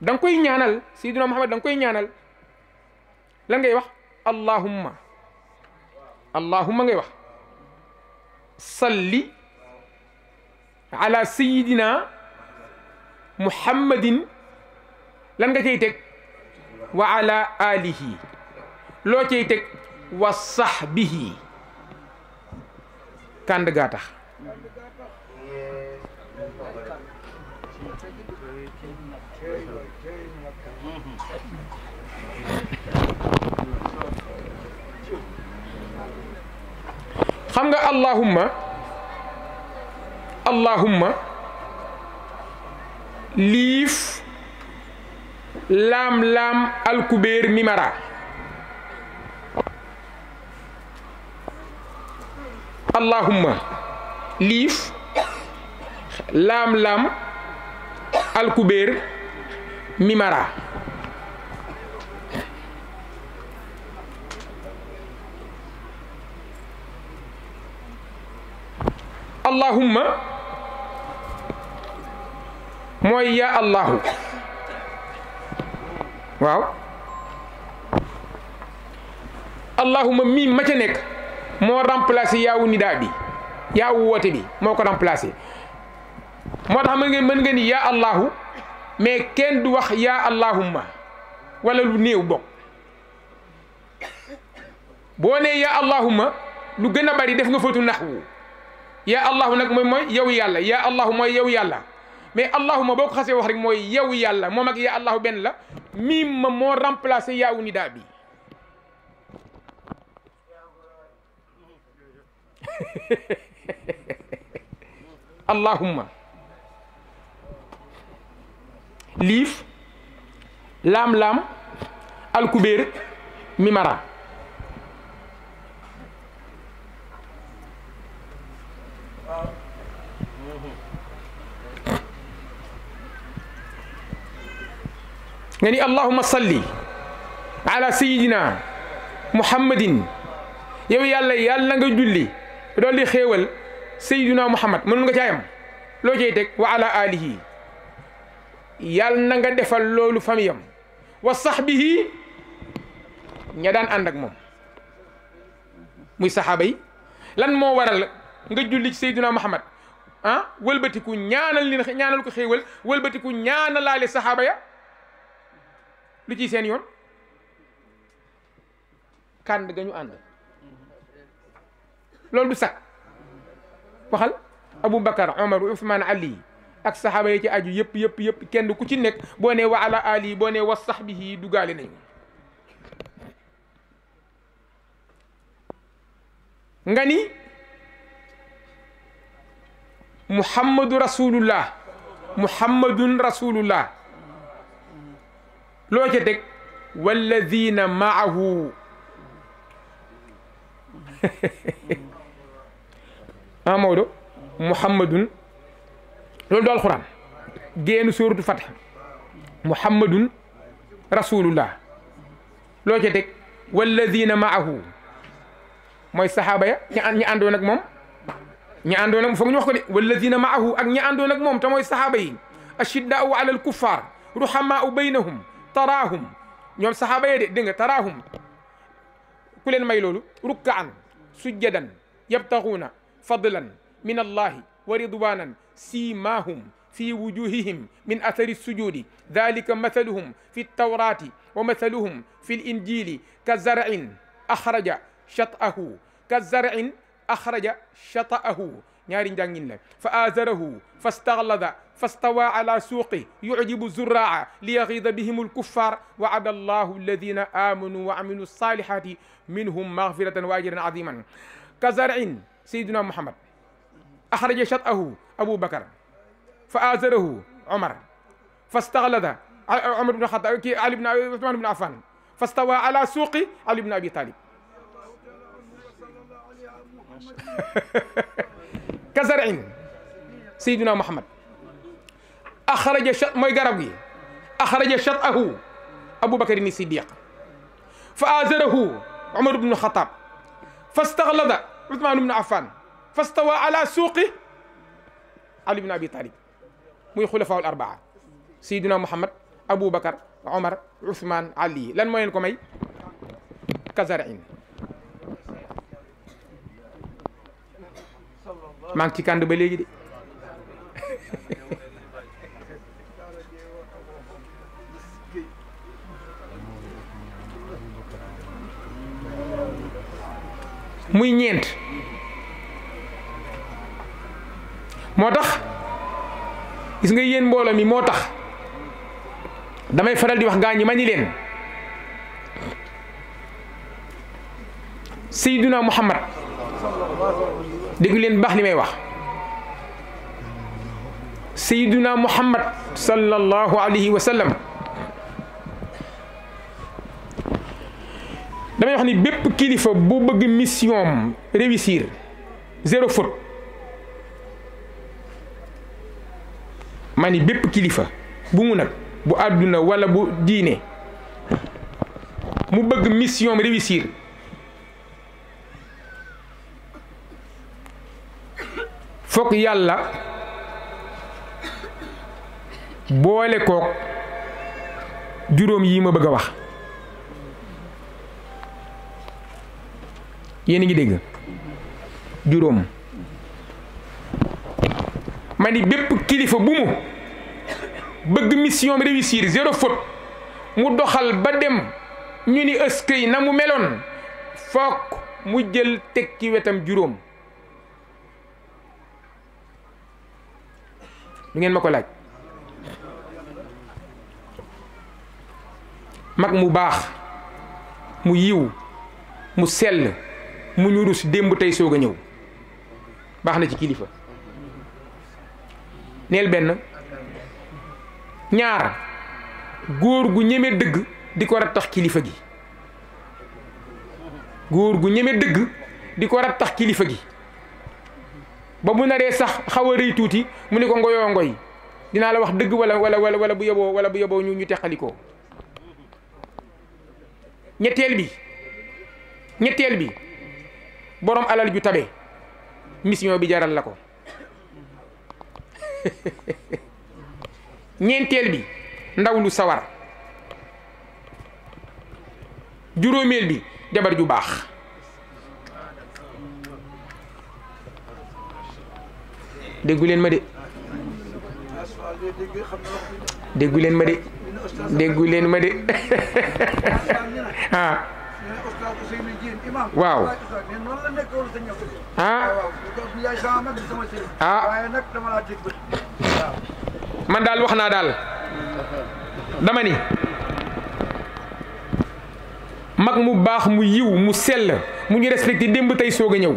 da nga koy ñaanal Seydina Muhammad da nga koy ñaanal lan ngay wax allahumma allahumma ngay wax salli ala sayidina muhammadin lan nga cay teg wa ala alihi loo cay teg wa sahbihi kànd gaa tax xam nga allahumma allahumma liif laam laam alkubeer mimara allahumma liif laam-laam alkubéer mimara allahumma mooy yaa allahu waaw allahumma mii ma ca nekk moo remplacé yaawu nidaa bi yaawu woote bi moo ko remplacé moo tax mën ngeen mën ngeen ni yaa allahu mais kenn du wax yaa allahumma wala lu néew bokk boo nee yaa allahumma lu gën a bari def nga footu naxwu yaa allahu nag mooy mooy yow yàlla yaa allahu mooy yow yàlla mais allahuma boo ko xasee wax rek mooy yow yàlla moom ak yaa allahu benn la miim ma moo remplacé yaawu nidaa bi اللهم ليف لام لام الكبير ميمارا يعني اللهم صلي على سيدنا محمد يا الله يا الله dool di xéewal sayyiduna muhammad mënun nga caayam loo cay teg wa ala alihi yàlla na nga defal loolu famiyam wa sahbihi ña daan ànd moom muy saxaaba yi lan moo waral nga julli ci sayyiduna muhammad ah wëlbatiku ñaanal li ko xéewal wëlbatiku ñaanalaale saxaaba ya lu ciy seen yoon kànd ga ñu ànd لول دو وخال ابو بكر عمر عثمان علي اك صحابه يتي اديو ييب ييب ييب كين كو تي نيك بوني وعلى علي بوني وصحبه دوغالي ناي غاني محمد رسول الله محمد رسول الله لو تي ديك والذين معه ah Maodo muhammadun loolu du alxuraan génn suuratu Fatiha muhammadun rasulullah loo ca teg walladina maahu mooy saxaaba ya ñi àndoon ak moom ñi àndoon ak foog ñu wax ko de walladina maahu ak ñi àndoon ak moom te mooy saxaaba yi ashiddaau ala alkuffar ruhamaau baynahum taraahum ñoom saxaaba ya de dégg nga taraahum ku leen may loolu rukkaan sujjadan yabtaxuuna فضلا من الله ورضوانا سيماهم في وجوههم من أثر السجود ذلك مثلهم في التوراة ومثلهم في الإنجيل كزرع أخرج شطأه كزرع أخرج شطأه فآزره فاستغلظ فاستوى على سوقه يعجب الزراع ليغيظ بهم الكفار وعد الله الذين آمنوا وعملوا الصالحات منهم مغفرة وأجرا عظيما كزرع سيدنا محمد أخرج شطأه أبو بكر فآزره عمر فاستغلظ عمر بن الخطاب علي بن عثمان بن عفان فاستوى على سوق علي بن أبي طالب كزرع سيدنا محمد أخرج شط موي غرب أخرج شطأه أبو بكر الصديق فآزره عمر بن الخطاب فاستغلظ عثمان بن عفان فاستوى على سوقه علي بن ابي طالب موي خلفاؤه الاربعه سيدنا محمد ابو بكر عمر عثمان علي لن موين كومي كزرعين مانكي كاندو بليغي muy ñeent moo tax gis nga yéen mbooloo mi moo tax damay faral di wax gaa ñi ma ni leen Seyduna Muhammad dégg leen baax li may wax Seyduna Muhammad sallallahu alayhi wa sallam damay wax ni bépp kilifa bu bëgg mission réussir zéro faute ma ni bépp kilifa bu mu nag bu àdduna walla bu diine mu bëgg mission réussir fokk yàlla boole kook juróom yi ma bëgg a wax yéen ngi deg jurom ma ni bépp kilifa bumu beug mission réussir zéro faute mu doxal ba dem ñu ni eskey na mu meloon mu jël wetam jurom lu ngeen mako laaj mak mu bax mu yiw mu sel mu ñu rus démb tey soog a ñëw baax na ci kilifa neel benn ñaar góor gu ñeme dëgg di ko rattax kilifa gi góor gu ñeme dëgg di ko rattax kilifa gi ba mu naree sax xaw a rëy tuuti mu ne ko ngoyoo ngoy dinaa la wax dëgg wala wala wala wala bu yeboo wala bu yeboo ñu ñu teqalikoo ñetteel bi ñetteel bi borom alal ju tabe mission bi jaral lako ñentel bi ndawlu sawar juromel bi jabar ju bax déggu leen ma de déggu leen ma de déggu ma de ha ah. waaw ah. ah man daal wax naa daal dama ni mag mu baax mu yiw mu sell mu ñu respecté démb tey soog a ñëw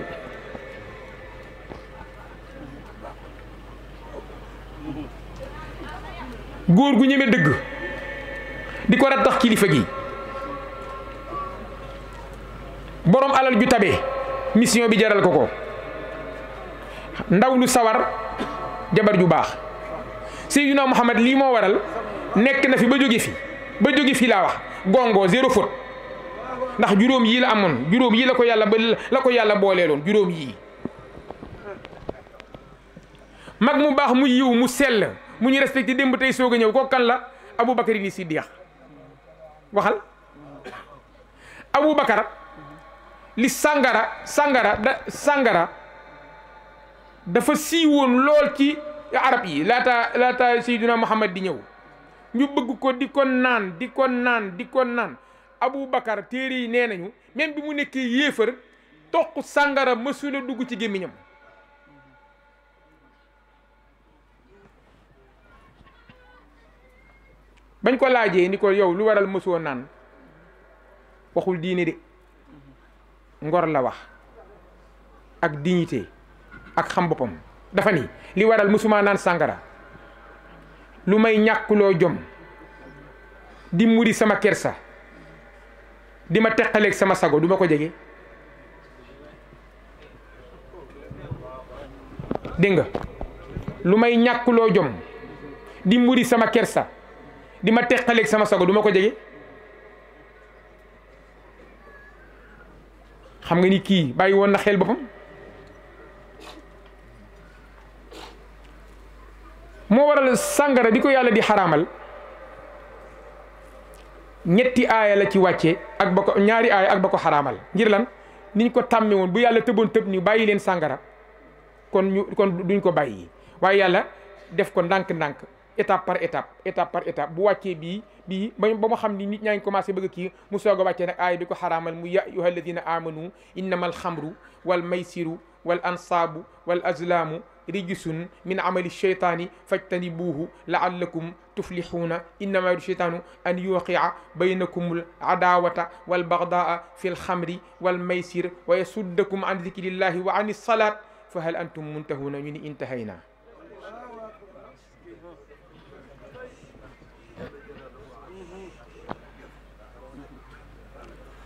góor gu ñeme dëgg di ko rattax kilifa gi. boroom alal ju tabe mission bi jaral ko ko ndaw lu sawar jabar ju baax Seydina Muhammad lii moo waral nekk na fi ba jóge fi ba jóge fi laa wax gongo zéro faute ndax juróom yii la amoon juróom yii la ko yàlla ba la ko yàlla booleeloon juróom yii mag mu baax mu yiw mu sell mu ñu respecté démb tey soog a ñëw kooku kan la Aboubacar si Siddiq waxal Aboubacar li sangara sangara da sangara dafa siwon lol ci arab yi lata lata sayyidina Muhammad di ñew ñu bëgg ko di ko naan di naan di naan Abu Bakar téré yi nee même bi mu nekké yéfer tok sangara mësula dugg ci gemiñam bañ ko laajee ni ko yow lu waral mësoo naan waxul diine de ngor la wax ak dignité ak xam boppam dafa ni li waral musuma naan sàngara lu may ñàkkuloo jom di muri sama kersa di ma teqaleeg sama sago du ma ko jege dégg nga lu may ñàkkuloo jom di muri sama kersa di ma teqaleeg sama sago duma ko jege xam nga ni kii bàyyi woon na xel boppam moo waral sàngara di ko yàlla di xaramal ñetti aaya la ci wàcce ak ba ko ñaari aaya ak ba ko xaramal ngir lan niñ ko tàmme woon bu yàlla tëboon tëb ni bàyyi leen sàngara kon ñu kon duñ ko bàyyi waaye yàlla def ko ndànk-ndànk étape par étape étape par étape bu wacce bi bi ba ba mu xam ni nit ñaa ngi commencé bëgg kii mu soog a wàccee nag aaya bi ko xaraamal mu ya ayuha alladina amanu innama alxamru wal maysiru wal ansabu wal azlamu rijisun min amali sheytaani fajtanibuuhu laallakum tuflixuuna innama yuridu shaytanu an yuqia baynakum al adawata wal bagdaa fi alxamri wal maysir wa yasuddakum an dikrillahi wa an alsalaat fa hal antum muntahuna ñu ni intahayna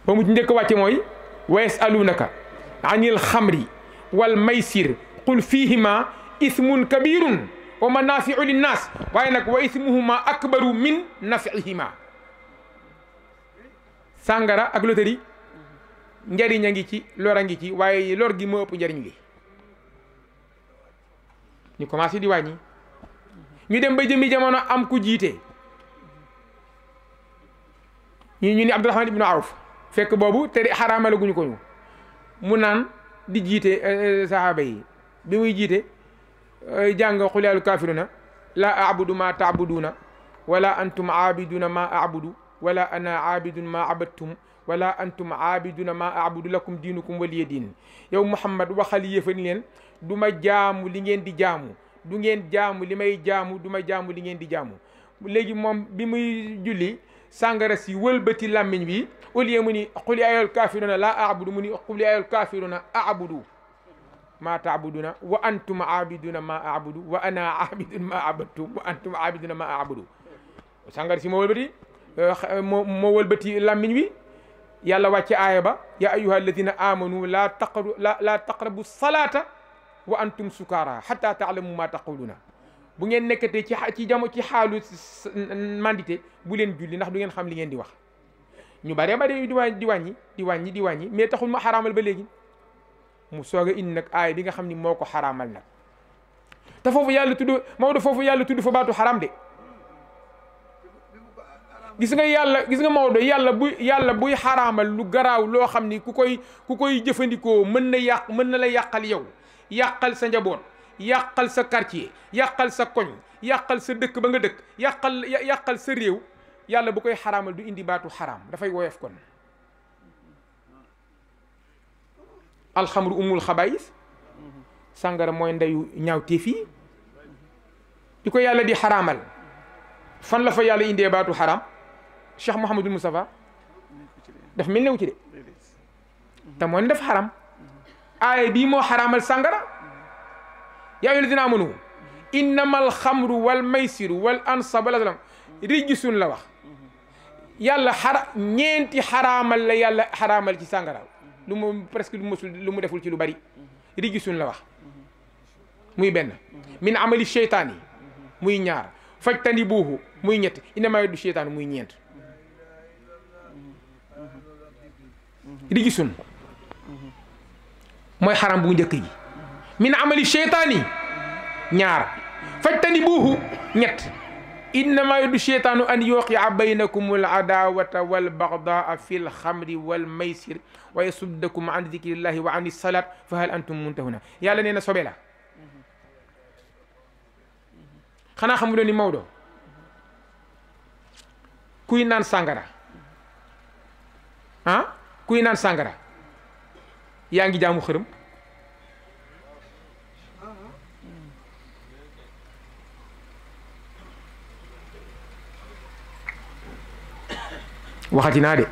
ba mu ci njëkk wàcce mooy wa yasalunaka anil xamri wal maysir qul fihima ismun kabirun wa manafiu linnas waaye nag wa ismuhuma akbaru min nafihima sàngara ak loterie njariñ a ngi ci lor a ngi ci waaye lor gi moo njariñ li ñu commencé di wàññi ñu dem ba jëmi jamono am ku jiite ñu ñu ni Abdurahman ibnu Awf fekk boobu te xaraamalaguñu ko ñu mu naan di jiite eh, eh, saxaaba yi bi muy jiite eh, jàng xulaalu kaafiruna laa abudu ma taabuduuna wala antum aabiduna ma abudu wala ana aabidun ma abattum wala antum aabiduna ma abudu lakum diinukum waliya diin yow muhammad waxal yëfan leen du ma jaamu li ngeen di jaamu du ngeen jaamu li may jaamu duma ma jaamu li ngeen di jaamu léegi moom bi muy julli sàngara si wëlbati làmmiñ bi au lieu qul ya quli ayol kafiruna laa abudu muni qul ya ayol kafiruna abudu ma ta'buduna wa antum a'biduna ma abudu wa ana aabidun ma abadtum wa antum a'biduna ma abudu sàngara si mo wëlbati mo moo wëlbati bi yàlla wàcce aya ba ya ayuha alladina amanu la taqrabu la taqrabu salata wa antum sukaara xata taalamu maa taquluna bu ngeen nekkatee ci ci jamo ci xaalu mandité bu leen julli ndax du ngeen xam li ngeen di wax ñu bare bare di wàññi di wàññi di wàññi di wàññi mais taxul mu xaraamal ba léegi mu soog a indi nag aay bi nga xam ni moo ko xaraamal nag te foofu yàlla tudd Maodo foofu yàlla tudd fa baatu xaraam de gis nga yàlla gis nga Maodo yàlla buy yàlla buy xaraamal lu garaaw loo xam ni ku koy ku koy jëfandikoo mën na yàq mën na la yàqal yow yàqal sa njaboot yàqal sa quartier yàqal sa koñ yàqal sa dëkk ba nga dëkk yàqal yàqal sa réew yàlla bu koy xaraamal du indi baatu xaraam dafay woyof kon alxamru umul xabaayis sàngara mooy ndeyu ñaawteef yi di ko yàlla di xaraamal fan la fa yàlla indee baatu xaraam Cheikh Mouhamadul Moustapha daf mel new ci de te mooy ne dafa xaraam aaya bii moo sàngara يا أيها الذين آمنوا إنما الخمر والميسر والأنصاب والأزلام رجس لا وخ يلا حرا نينتي حرام لا يلا حرام لا سانغرا لو مو برسك لو مسل لو مو ديفول سي لو باري رجس لا وخ موي بن من عمل الشيطان موي ñaar فاجتني بوه موي نيت انما يد الشيطان موي نينت رجس موي حرام بو نديك min amali cheytaani ñaar fajtani buuhu ñett innama yudu cheytaanu an yuqia baynakum al adawata wal bagdaa fi l xamri wal maysir wa yasuddakum an dikrillahi wa an salat fa hal antum muntahuna yàlla nee na sobe la xanaa xamu doon ni Maodo kuy naan sàngara ah kuy naan sàngara yaa ngi jaamu xërëm waxati naa de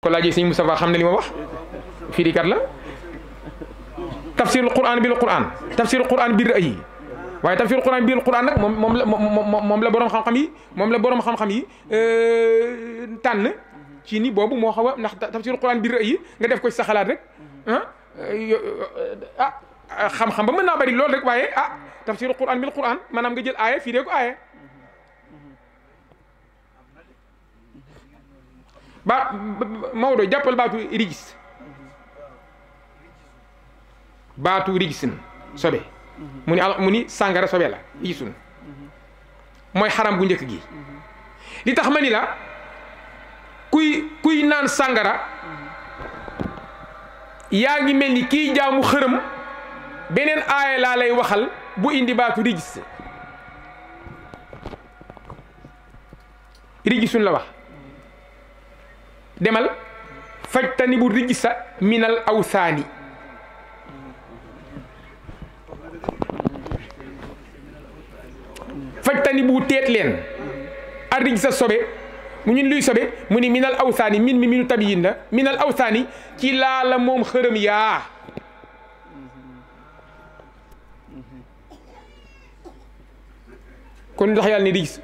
ko laajee sëñ Moustapha xam ne li ma wax firikat la tafsirul quran bil quran tafsirul quran bir ra'yi waaye tafsirul quran bil quran nag moom moom la moom la borom xam-xam yi moom la borom xam-xam yi euh, tànn ci ni bobu mo xawa ndax tafsiru quran bi reuy nga def ko ci rek ah, ah ah xam-xam ba meuna bari loolu rek waye ah tafsiru quran bil quran manam nga jël aya fi de ko aya ba mawdo jappal batu rigis batu rigisin sobe muni muni sangara sobe la isun moy haram bu njëkk gi li tax manila kuy kuy naan sàngara yaa ngi mel ni kii jaamu xërëm beneen aaya waxal bu indi baatu rijis rijisun la wax demal fajtani bu rijisa minal awsaani fajtani bu teet leen a rijisa sobe mu ñun luy sobe mu minal awsani min mi minu tabiyin la minal awsani ci la la mom xërëm ya kon ndax yàlla ni di gis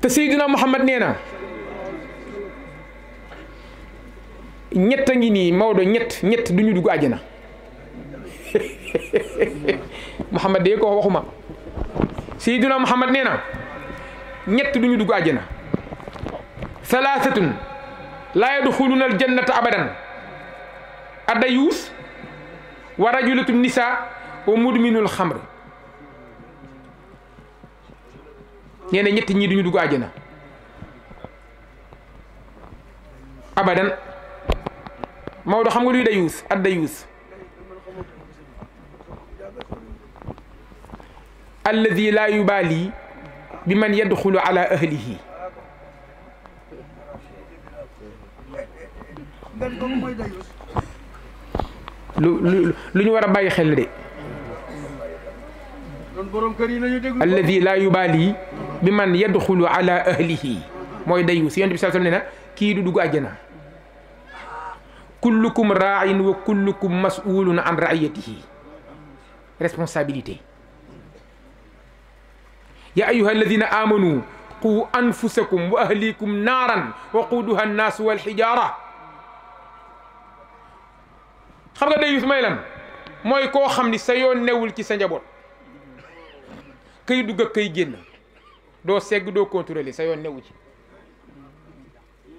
te sayyidina muhammad neena na ñett mawdo ñett ñett duñu duggu aljana muhammad de ko waxuma sayyidina muhammad neena ñett du ñu dugg àjjana salaasatun du yadxuluuna aljannata abadan addayuus wa rajulatu nisaa wa mudminul xamr nee na ñett ñii du ñu dugg àjjana abadan Maodo xam nga luy dayuus addayuus alladi laa yubaali بمن يدخل على أهله لنورا باي خلري الذي لا يبالي بمن يدخل على أهله موي ديوس يندب سلسل لنا كي دودو أجنا كلكم راع وكلكم مسؤول عن رعيته responsabilité يا أيها الذين آمنوا قوا أنفسكم وأهليكم نارا وقودها الناس والحجارة خبر يوسف يثميلا موي كو خمني سيون نول كي سنجابون كي دوغا كي جين دو سيغ دو كونترولي سيون نول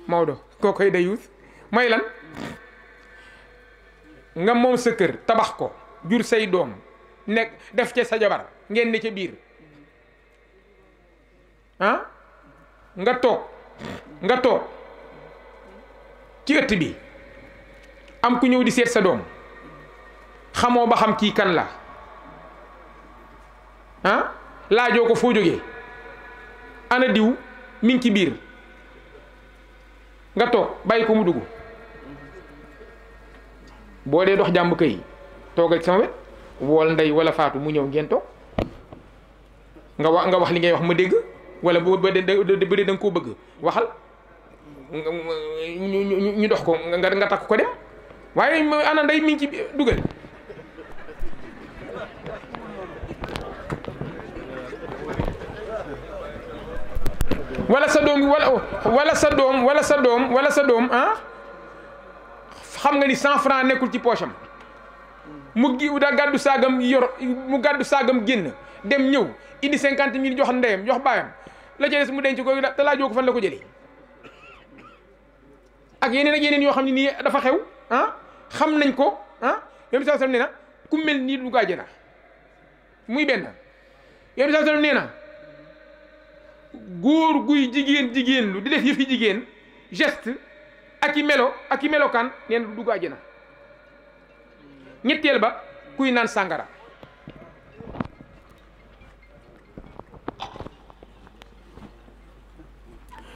مودو كو كي دي يث ميلا nga mom sa keur tabax ko jur say dom nek def ci sa jabar ngeen ne ci bir Ah? nga toog nga toog ci ëtt bi am ku ñëw di seet sa doom xamoo ba xam kii kan la ah laajoo ko foo jógee ana diw mi ngi ci biir nga toog bàyyi ko mu dugg boo dee dox jàmm kay toogal ci sama wet wool ndey walla faatu mu ñëw ngeen toog nga wax nga wax li ngay wax ma dégg wala bu ba dee da nga koo bëgg waxal ñu ñu dox ko nga takk ko dem waaye ana nday mi ngi ci dugal wala sa doom wala sa doom wala sa doom wala sa doom ah xam nga ni cent franc nekkul ci poche mu gi da gàddu saagam yor mu gàddu saagam génn dem ñëw indi cinquante mille jox ndeyam jox baayam la ca des mu denc ko te laajoo ko fan la ko jëlee ak yeneen ak yeneen yoo xam ne nii dafa xew ah, xam nañ ko ah yow saa sam nee na ku nii du gaa muy benn yow nee na góor guy jigéen jigéen lu di def yëfi jigéen geste ak i melo aki i melokaan nee du gaa jëna ñetteel ba kuy naan sàngara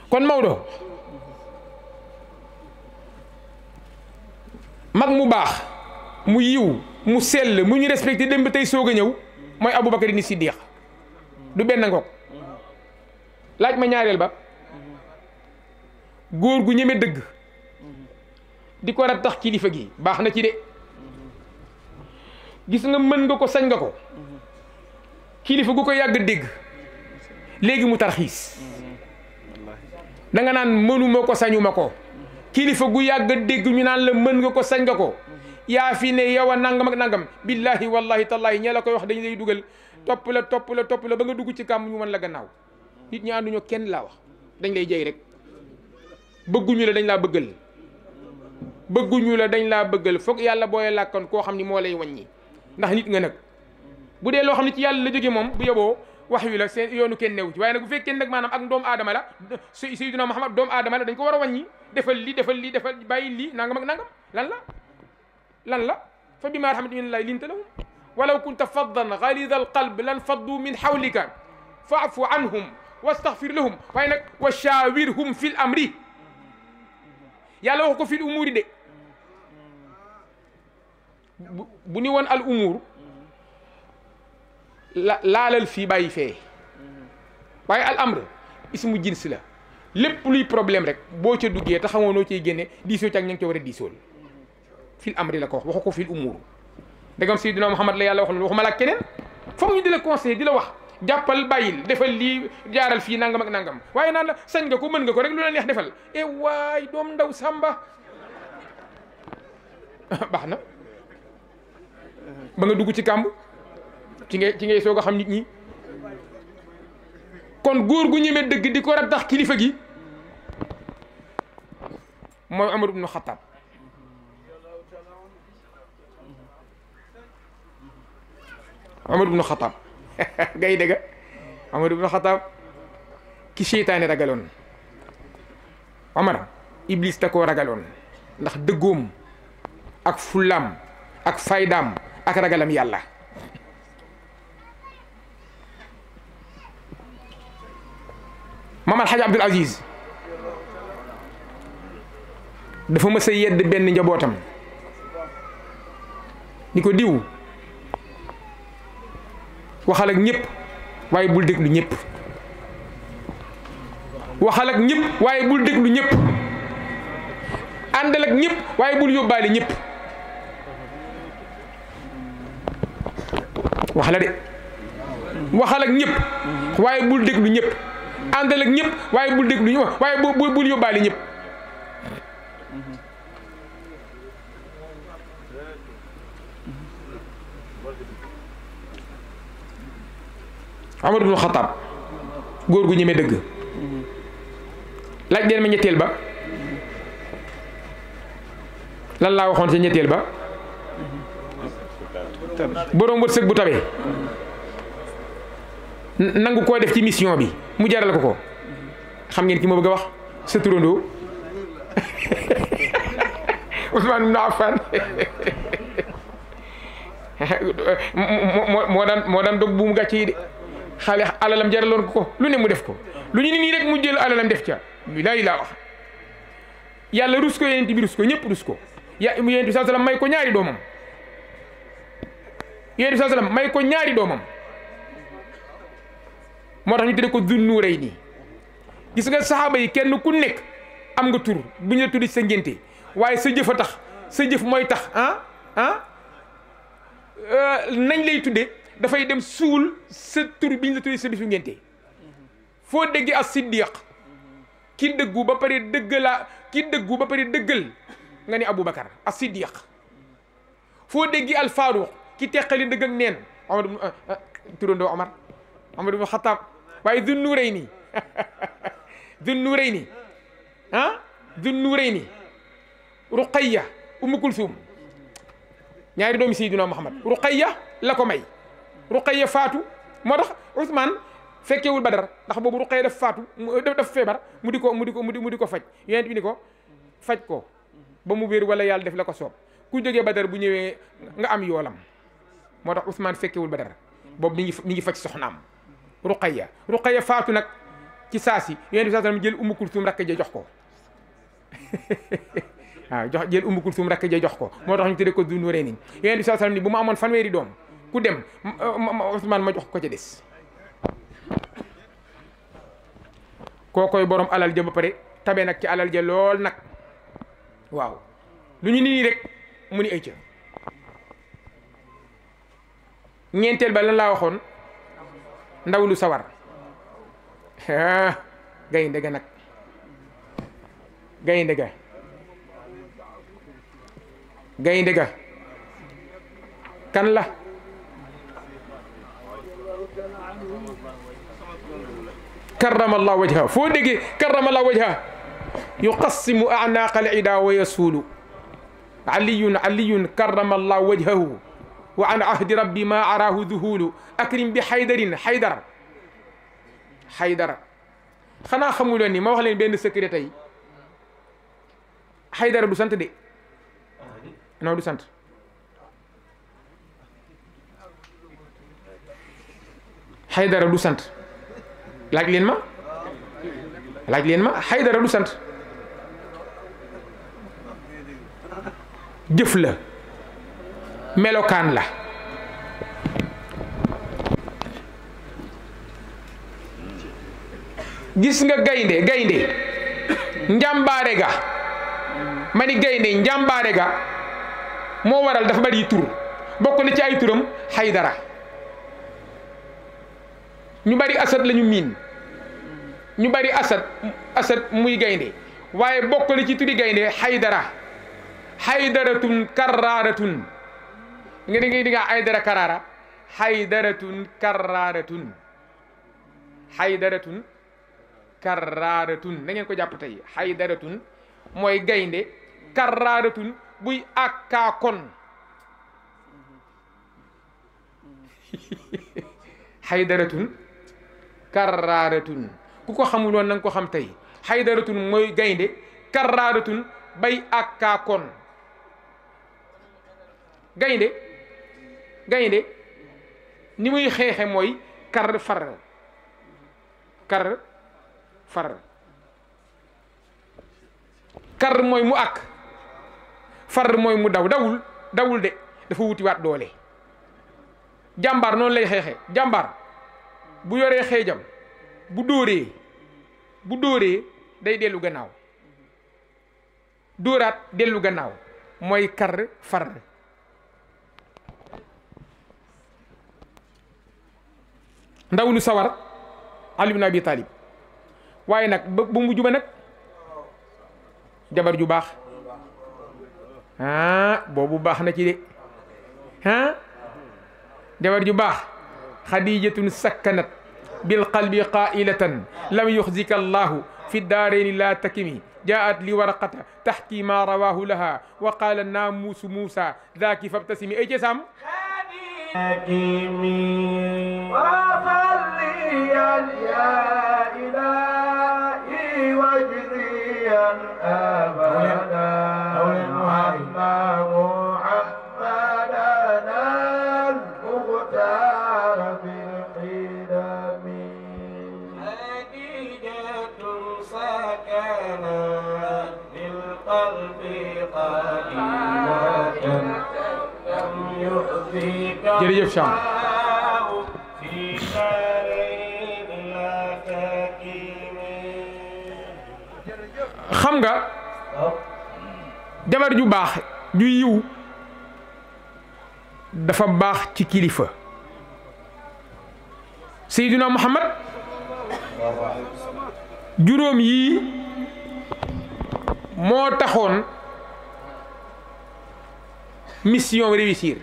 kon Maodo mag mu baax mu yiw mu sell mu ñu respecté dem tey soog a ñëw mooy Aboubacar ni Siddiq du benn ngoog laaj ma ñaareel ba góor gu ñeme dëgg di ko rab tax kilifa gi baax na ci de gis nga mën nga ko sañ nga ko kilifa gu ko yàgg dégg léegi mu tarxiis da naan mënuma ko sañuma ko kilifa gu yàgg dégg ñu naan la mën nga ko sañ nga ko yaa fi ne yow nangam ak nangam billahi wallahi tallahi ñee la koy wax dañu lay dugal topp la topp la topp la ba nga dugg ci kàmm ñu mën la gannaaw nit ñi ànduñu kenn laa wax dañ lay jey rek bëgguñu la dañ laa bëggal bëgguñu la dañ laa bëggal foog yàlla booyee làkkoon koo xam ni moo lay wàññi ndax nit nga nag bu dee loo xam ne ci yàlla la jóge moom bu yeboo wax yu la seen yoonu kenn newu ci waaye nag bu fekkee nag maanaam ak doomu aadama la sayyidina Muhammad doomu aadama la dañ ko war a wàññi defal lii defal lii defal bàyyi lii nangam ak nangam lan la lan la fa bimaa rahmatin minallaahi linta lahum walaw kunta faddan galiza alqalb lan faddu min hawlika faafu anhum wastaghfir lahum waaye nag wa shawirhum fil amri yàlla wax ko fil umuri de bu ni woon al umur la laalal fii bàyyi fee waaye al amr ismu jins la lépp luy problème rek boo ca duggee te xamoo noo ciy génne diisoo ci ak ña ngi ca war a diisool amri la ko waxu ko fil umuuru dagam Seydina Muhammad la yàlla wax loolu waxuma la ak keneen foog ñu di la di la wax jàppal bàyyil defal lii jaaral fii nangam ak nangam waaye naan la sañ nga ko mën nga ko rek lu la neex defal e waay doom ndaw sàmba baax na ba nga dugg ci kàmb ci ngay ci ngay xam nit ñi kon góor gu ñemee dëgg di ko rattax kilifa gi mooy Amar ibnu Xattaab Amar ibnu ngay dëgga Amar ibnu Xattaab ki seytaane ragaloon Amar Iblis da koo ragaloon ndax dëggoom ak fullaam ak faydaam ak ragalam yàlla maam alxaaj Abdul Aziz dafa mës a yedd benn njabootam ni ko diw waxal ak ñëpp waaye bul déglu ñëpp waxal ak ñëpp waaye bul déglu ñëpp àndal ak ñëpp waaye bul yóbbaale ñëpp wax la de waxal ak ñëpp waaye bul déglu ñëpp àndal ak ñëpp waaye bul déglu ñu wax waaye bul bul yóbbaale ñëpp Omar ibn Xataab góor gu ñeme dëgg laaj leen ma ñetteel ba lan laa waxoon ci ñetteel ba boroom wërsëg bu tawee nangu koo def ci mission bi mu jaral ko ko xam ngeen ki ma bëgg a wax sa turandoo Ousmane moo moo daan moo daan dog buum gàcce yi de xaale alalam jaraloon ko ko lu ne mu def ko lu ñu ni nii rek mu jël alalam def ca bilaay laa wax yàlla rus ko bi rus ko ñëpp rus ko ya yonent bi sallam may ko ñaari doomam yonent bi sallam may ko ñaari doomam moo tax ñu tuddee ko Dun Nuurayni gis nga saxaaba yi kenn ku nekk am nga tur bu ñu la tuddee sa ngénte waaye sa a tax sa mooy tax ah ah euh, nañ lay tuddee dafay dem suul sa tur bi la tuddee sa bisu ngénte foo déggee as siddiq ki dëggu ba pare dëggalaa ki dëggu ba pare dëggal nga ni Aboubacar as siddiq foo déggee al ki teqali dëgg ak neen Omar euh, euh, turandoo Omar Omar ibn Xataab waaye du nuuray nii du nuuray nii ah du nuuray nii ruqayya umu kulsum ñaari doomi sayduna muhammad ruqayya la ko may ruqayya faatu moo tax Ousmane fekkewul badar ndax boobu ruqayya daf faatu daf feebar mu di ko mu di ko mu di ko faj yonent bi ni ko faj ko ba mu wér wala yàlla def la ko soob ku jógee badar bu ñëwee nga am yoolam moo tax Ousmane fekkewul badar boobu mi ngi mi ngi faj soxnaam ruqayya ruqayya faatu nag ci saasi yonent bi saa sallam jël ummu kulsum rakk ja jox ko waaw jox jël ummu kulsum rakk ja jox ko moo tax ñu tudde ko du nuréeni yonent bi saa sallam ni bu mu amoon fanweeri doom ku dem Ousmane ma jox ko ca des kookoy borom alal ja ba pare tabee nag ci alal ja lool nag waaw lu ñu nii rek mu ni ay ca ñeenteel ba lan laa waxoon ndawlu sawar ah, gay ndega nak gay ndega gay ndega kan la كرم الله وجهه فودي كرم الله وجهه يقسم اعناق العدا ويسول علي علي كرم الله وجهه وعن عهد ربي ما أراه ذهول أكرم بحيدر حيدر حيدر خنا خمولني ما وخلين بين السكرتاي حيدر دو سانت دي نو دو سانت حيدر دو سانت لاج لين ما لاج لين ما حيدر دو سانت جفله melokaan la gis nga gaynde gaynde njàmbaare ga ma ni gaynde njàmbaare ga moo waral dafa bari tur bokk na ci ay turam xaydara ñu bari asad lañu miin ñu bari asad asad muy gaynde waaye bokk na ci turi gaynde xaydara xaydaratun karaaratun nga di ngay diggaa Aydara Karara Haydaratun Kararatun Haydaratun Kararatun na ngeen ko jàpp tey Haydaratun mooy gaynde Kararatun buy àkkaakon Haydaratun Kararatun ku ko xamul woon na nga ko xam tey Haydaratun mooy gaynde Kararatun bay àkkaakon gaynde gaynde ni muy xeexe mooy kar far kar far kar mooy mu àkk far mooy mu daw dawul dawul de dafa wutiwaat doole jàmbaar noonu lay xeexe jàmbar bu yoree xeejam bu dóoree bu dóoree day dellu gannaaw dóoraat dellu gannaaw mooy kar far ndaw lu sawar Ali ibn Abi Talib waye nak bu mu juba nak jabar ju bax ha ah, bobu bax na ci de ha ah, jabar ju bax khadijatun sakkanat bil qalbi qailatan lam yuxzika allahu fi darin la takimi جاءت لي ورقة تحكي ما رواه لها وقال الناموس موسى ذاك فابتسمي وجزيا أبدا xam nga jabar ju baax ju yiw dafa baax ci kilifa Seydina Muhammad juróom yii moo taxoon mission réussir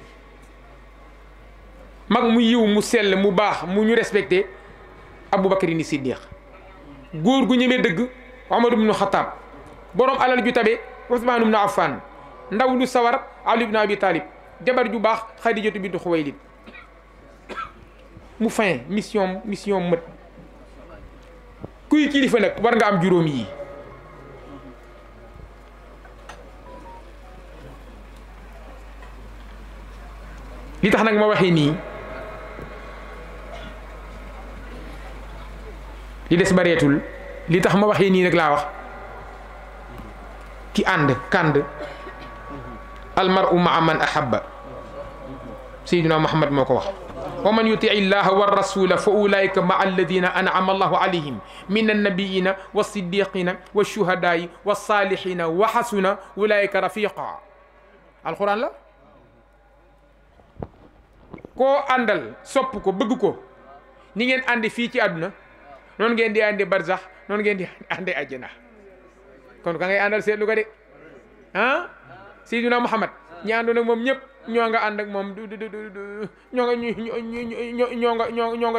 mag mu yiw mu sell mu baax mu ñu abu Aboubacar ni Siddiq góor gu ñemee dëgg Omar ibnu Xataab borom alal ju tabe Usmaan ibnu Affaan ndaw lu sawar Ali ibnu Abi Talib jabar ju baax Xadijatu bintu Xuwaylid mu fin mission mission mët kuy kilifa nag war nga am juróom yi li tax nag ma waxee nii li dess bareetul li tax ma waxe ni rek la wax ki ànd kànd al mar'u maa man ahabba sayyidina muhammad moko wax wa man yuti'i allaha war rasula fa ulaika ma alladhina anama allahu alayhim min an annabiyina was siddiqina wa shuhadaai wa salihina wa hasuna ulaika rafiqa al quran la ko àndal sopp ko bëgg ko ni ngeen àndi fi ci aduna non ngeen di ande barzax non ngeen di ande aljana kon ka ngay set lu ko de han sayyiduna Muhammad ñi àndoon ak moom ñëpp ñoo nga ak mom du du du ñoo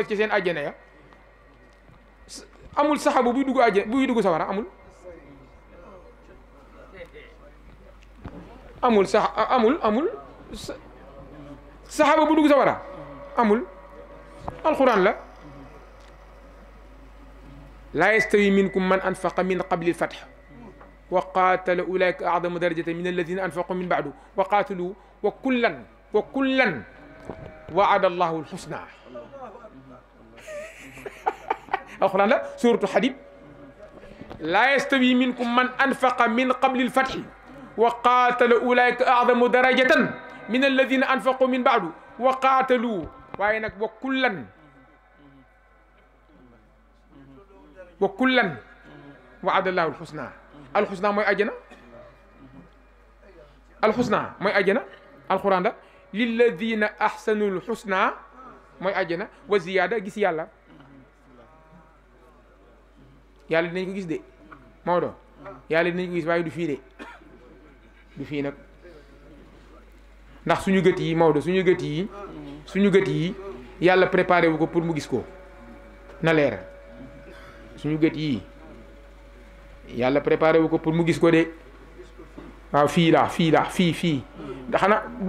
ci seen aljana ya amul sahabu bu dugg aljana bu dugg sawara amul amul sah amul amul sahabu bu dugg sawara amul alquran la لا يستوي منكم من أنفق من قبل الفتح وقاتل أولئك أعظم درجة من الذين أنفقوا من بعده وقاتلوا وكلا وكلا وعد الله الحسنى أخرى لا سورة الحديد لا يستوي منكم من أنفق من قبل الفتح وقاتل أولئك أعظم درجة من الذين أنفقوا من بعده وقاتلوا وكلا وكلا وكلا وعد الله الحسنى الحسنى موي اجنا الحسنى موي اجنا القران دا للذين احسنوا الحسنى موي اجنا وزياده غيس يالا يالا نينكو غيس دي مودو يالا نينكو غيس واي دو في دي دو في نك ناخ سونو گتي مودو سونو گتي سونو گتي يالا بريباري وكو بور مو غيس كو suñu gët yi yàlla préparé wu ko pour mu gis ko de waaw fii la fii la fii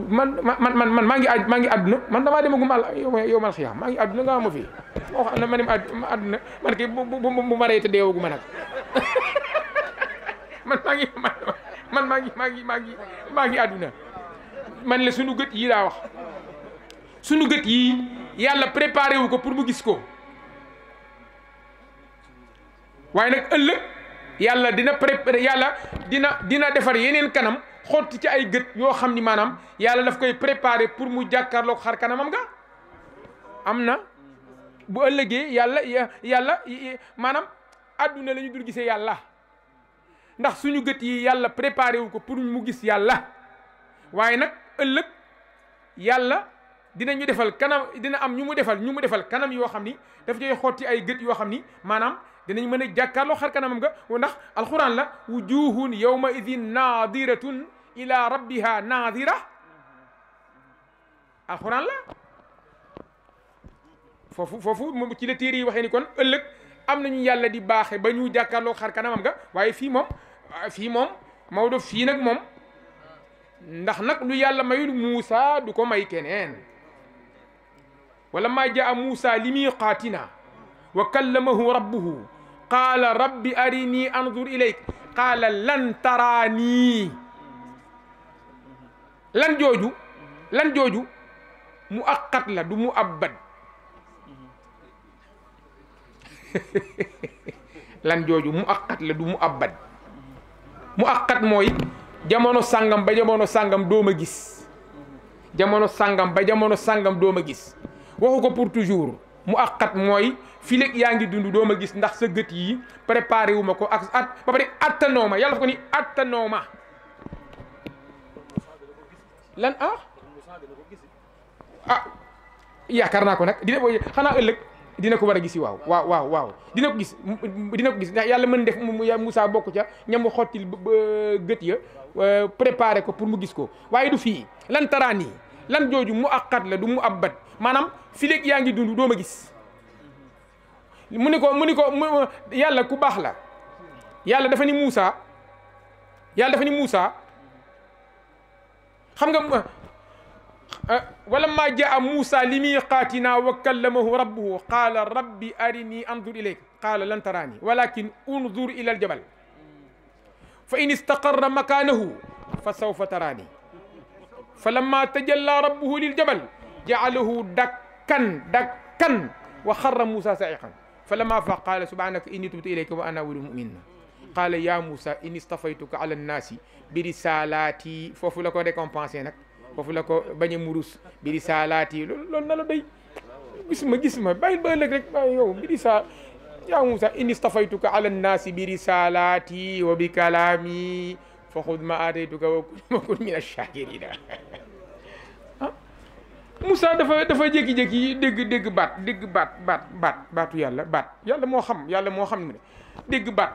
man man man man maa ngi a maa ngi àdduna man yow man ngi nga ma ne man bu man man man la suñu wax préparé wu ko pour mu gis ko waaye nag ëllëg yàlla dina préparé yàlla dina dina defar yeneen kanam xotti ci ay gët yoo xam ni maanaam yàlla daf koy préparé pour mu jàkkaarloog xar kanamam nga am na bu ëllëgee yàlla yàlla maanaam àdduna lañu ñu dul gisee yàlla ndax suñu gët yi yàlla préparé wu ko pour mu gis yàlla waaye nag ëllëg yàlla dinañu defal kanam dina am ñu mu defal ñu mu defal kanam yoo xam ni daf koy xotti ay gët yoo xam ni maanaam dinañ mëna a xar kanamam ga ndax alquran la wujuhun yawma idhin nadiratun ila rabbiha nadira alquran la fofu fofu moom ci le téere yi waxee ni kon ëlëk am nañu yàlla di baxé ba ñu jàkkaarloo xar kanamam ga waye fi mom fi mom mawdu fi nak mom ndax nak lu yàlla mayu musa du ko may keneen walammaa jaa Muusa limiiqaatinaa wa kallamahu rabbuhu qaala rabbi arini anzur ilayk qaala lan taraanii lan jooju lan jooju mu aqat la du mu abbad lan jooju mu aqat la du mu abbad mu aqat mooy jamono sàngam ba jamono sàngam dooma gis jamono sàngam ba jamono sàngam dooma gis waxu ko pour toujours mu àqat mooy fii léegi yaa ngi dund doo ma gis ndax sa gët yi préparé wu ma ko ak at ba pare attanoo ma yàlla dafa ko ni attanoo ma lan ah ah yaakaar naa ko nag dina ko xanaa ëllëg dina ko war a gisi waaw waaw waaw waaw dina ko gis dina ko gis ndax yàlla mën def Moussa bokk ca ñamu xottil gët ya euh, préparé ko pour mu gis ko waaye du fii lan taraan yi lan jooju mu àqat la du mu abbat maanaam fileeg yangi ngi dund doo ma gis mu ni ko mu ni ko yàlla ku baax la yàlla dafa ni Moussa yàlla dafa ni Moussa xam nga wala maa jaa Moussa li miiqaatinaa wa kallamahu rabbuhu qaala rabbi arinii anzur ilayka qaala lan taraanii walakin unzur ila aljabal fa in istaqarra makaanahu fa sawfa taraanii falammaa tajallaa rabbuhu liljabal jaalahu dak dakkan dakkan wa xarra Moussa sa'iqan falammaa faaqa qaala subhaanaka innii tubtu ilayka wa ana awwalul mu'miniin qaala yaa Moussa inni stafaytuka ala nnaasi bi risaalaati foofu la ko récompensé nag foofu la ko bañ a murus bi risaalaati loolu na la doy gis ma gis ma bàyyi ba ëllëg rek bàyyi yow bi risaa yaa Moussa inni stafaytuka ala nnaasi bi risaalaati wa bi kalaami fa xud ma aataytuka wa kun mina shaakirin Moussa dafa dafa jékki-jékki dégg dégg baat dégg baat baat baat baatu yàlla baat yàlla moo xam yàlla moo xam ne dégg baat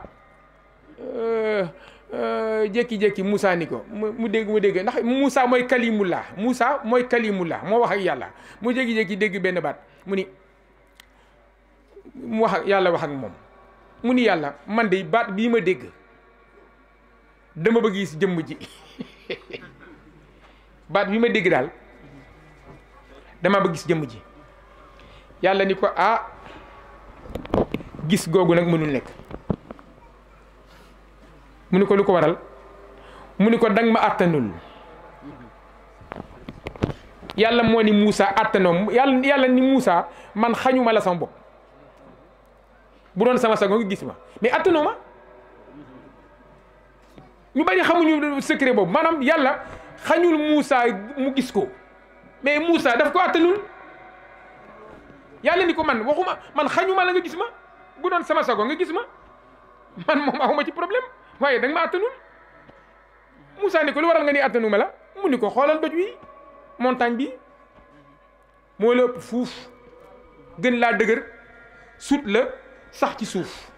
euh, euh, jékki-jékki Moussa ni ko mu dégg mu dégg ndax musaa mooy kalimullah Moussa mooy kalimullah moo wax ak yàlla mu jékki-jékki dégg benn baat mu ni mu wax ak yàlla wax ak moom mu ni yàlla man de baat bi ma dégg dama bëgg jëmm ji baat bi ma dégg daal. dama ba gis jëmm ji yàlla ni ko ah gis googu nag mënul nekk mu ni ko lu ko waral mu ni ko dang ma àttanul yàlla moo ni Moussa àttanoom yàlla yàlla ni Moussa man xañuma la sama bopp bu doon sama sago nga gis ma mais àttanoo ma ñu bari xamuñu secret boobu maanaam yàlla xañul Moussa mu gis ko mais Moussa daf ko attanul yàlla ni ko man waxuma man xañuma la nga gis ma bu doon sama sago nga gis ma man moom awuma ci problème waaye danga ma attanul Moussa ko lu waral nga ni attanuma la mu ni ko xoolal doj wi montagne bi moo la fuuf gën laa dëgër sut la sax ci suuf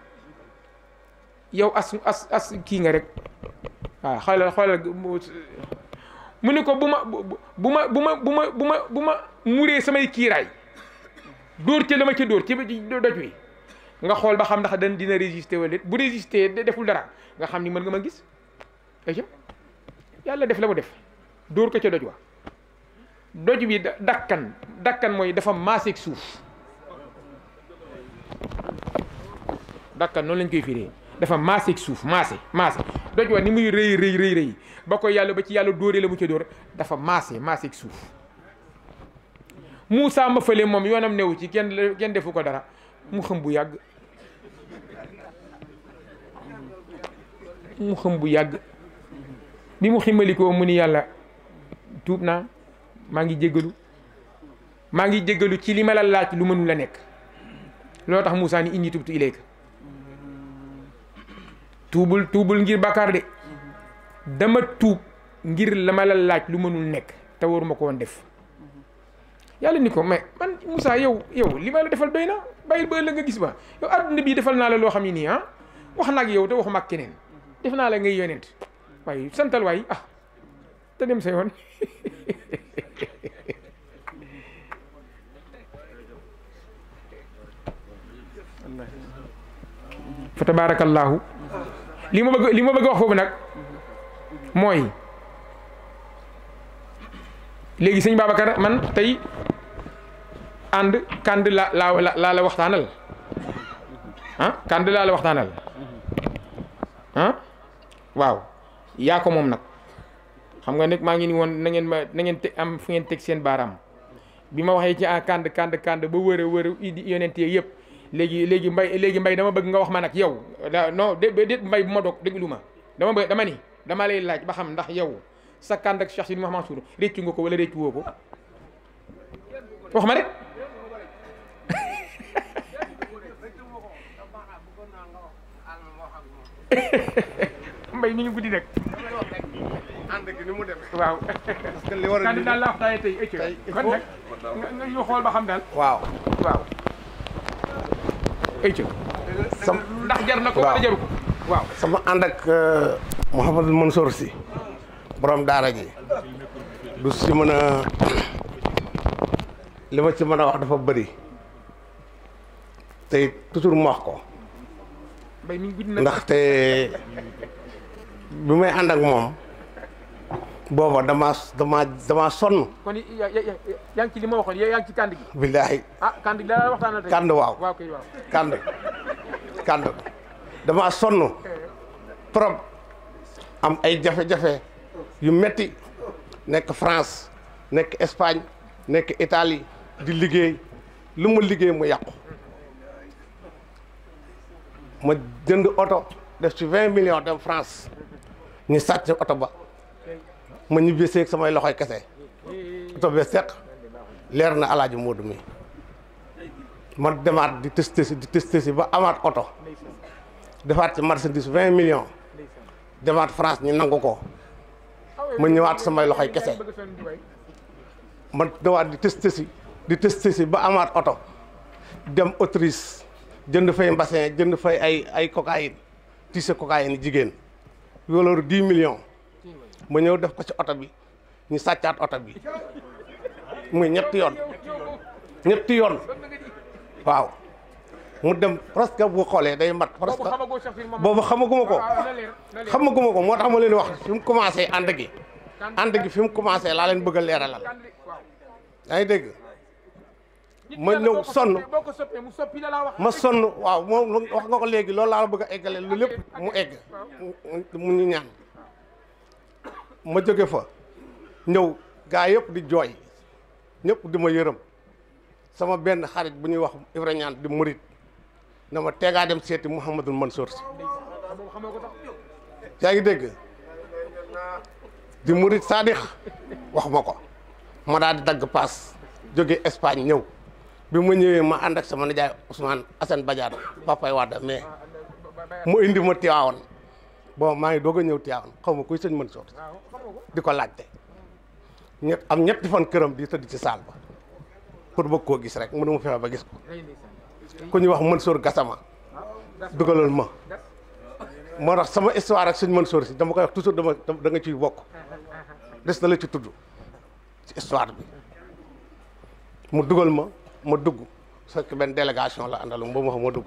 yow ass as kii nga rek waaw xoolal xoolal mu ni ko bu ma bu ma bu ma bu ma bu ma bu ma muree samay kiiraay dóor ci la ma ci dóor ci doj wi nga xool ba xam ndax dañ dina résister wala bu résister deful dara nga xam ni mën nga ma gis ayca yàlla def la mu def dóor ko ca doj wa doj bi dakkan dakkan mooy dafa maaseeg suuf dakkan noonu lañ koy firee dafa maaseeg suuf maase maase doj wa ni muy rëy rëy rëy ba ko yàlla ba ci yàlla dóoree la mu ca dóor dafa maase maaseeg suuf Moussa ma fële moom yoonam newu ci kenn kenn defu ko dara mu xëm bu yàgg mu xëm bu yàgg bi mu ximalikoo mu ni yàlla tuub naa maa ngi jéggalu maa ngi jéggalu ci li ma la laaj lu mënul a nekk loo tax Moussa ni inni tubtu ilayka tuubul tuubul ngir bàkkaar de dama tuub ngir la laaj lu mënul nekk te waruma ko def yàlla ni ko mais man Moussa yow yow li ma la defal doy na bàyyil ba ëllëg nga gis ma yow adduna bii defal naa la loo xam ne nii ah, wax na yow te waxuma ak def naa la ngay yonent waaye santal waay ah, te dem sa yoon fa tabaarakallaahu li ma bëgg li ma bëgg wax foofu nag mooy léegi sëñ Babacar man tey ànd kànd la la laa la waxtaanal ah kànd laa la waxtaanal ah waaw yaa ko moom nag xam nga nag maa ngi ni woon na ngeen ma na ngeen te am fu ngeen teg seen baaraam bi ma waxee ci ah kànd kànd kànd ba wër a wër yonent yëpp. léegi léegi mbay léegi mbay dama bëgg nga wax ma nag yow non déet mbay bu ma dog déglu ma dama bëgg dama ni dama lay laaj ba xam ndax yow sa kànd ak Cheikh Sidi Mouhamed Mansour réccu nga ko wala réccu woo ko wax ma rek mbay mi ngi guddi rek. ànd daal la wax tey tey kon nag ñu xool ba xam daal. ayca. sama ànd ak euh, Mouhamadou Mansour si borom daara ji du si mën a li ma ci mën a wax dafa bëri tey toujours mu wax ko ndaxte bi may ànd ak moom. boba dama dama dama son kon ya ngi ci li ma ya yang ngi ci billahi ah kandi la daal waxtaan anu na tey. waw waaw kay waw kandi kandi dama son trop am ay jafe jafé yu metti nek France nek Espagne nek Italie di liggéey lu ma liggéey mu yaq ma jënd auto def ci 20 millions dem France ni satte auto ba. ma ñibbee seeg samay loxoy kese oto bee seq leer na alaaji Moodu mi man demaat di testé si si ba amaat oto defaat ci marchandise vingt millions demaat France ñu nangu ko ma ñëwaat samay loxoy kese man dawaat di testé si di testé si ba amaat oto dem Autriche jënd fay mbassin jënd fay ay ay cocaïne tiise cocaïne jigéen yoloor dix millions ma ñew def ko ci auto bi ñu saccat auto bi muy ñett yoon ñett yoon waaw mu dem presque bu xolé day mat presque bobu xamaguma ko ah, xamaguma ko motax ma leen wax fi mu commencé ànd gi kan- ànd gi fi mu commencé la leen bëgg léralal ay kan dégg ma ñew sonn ma sonn waaw mo wax nga ko légui loolu la bëgg égalé lu lepp mu égg mu ñu ñaan ma joge fa ñew gaay di Joy, ñep di ma sama ben xarit bu ñuy wax ibrahim di Murid, nama tega dem seeti muhammadul Mansour ya ngi deg di Murid Sadik wax ma ma daal di dag pass joge Espagne ñew bi ma ñewé ma and ak sama ndjay Ousmane Assane badiar papay wada mais mu indi ma tiawon bo ma ngi doga ñew tiawon xawma kuy señ Mansour di ko laajte ñett am ñetti fan këram di tëdd ci saal ba pour bëgg koo gis rek mënu mu fexe ba gis ko ku ñuy wax Mansour Gassama dugalal ma moo tax sama histoire ak suñ Mansour si dama koy wax toujours dama danga nga ciy bokk des na la ci tudd ci histoire bi mu dugal ma ma dugg parce que benn délégation la àndal ba ma xam ma dugg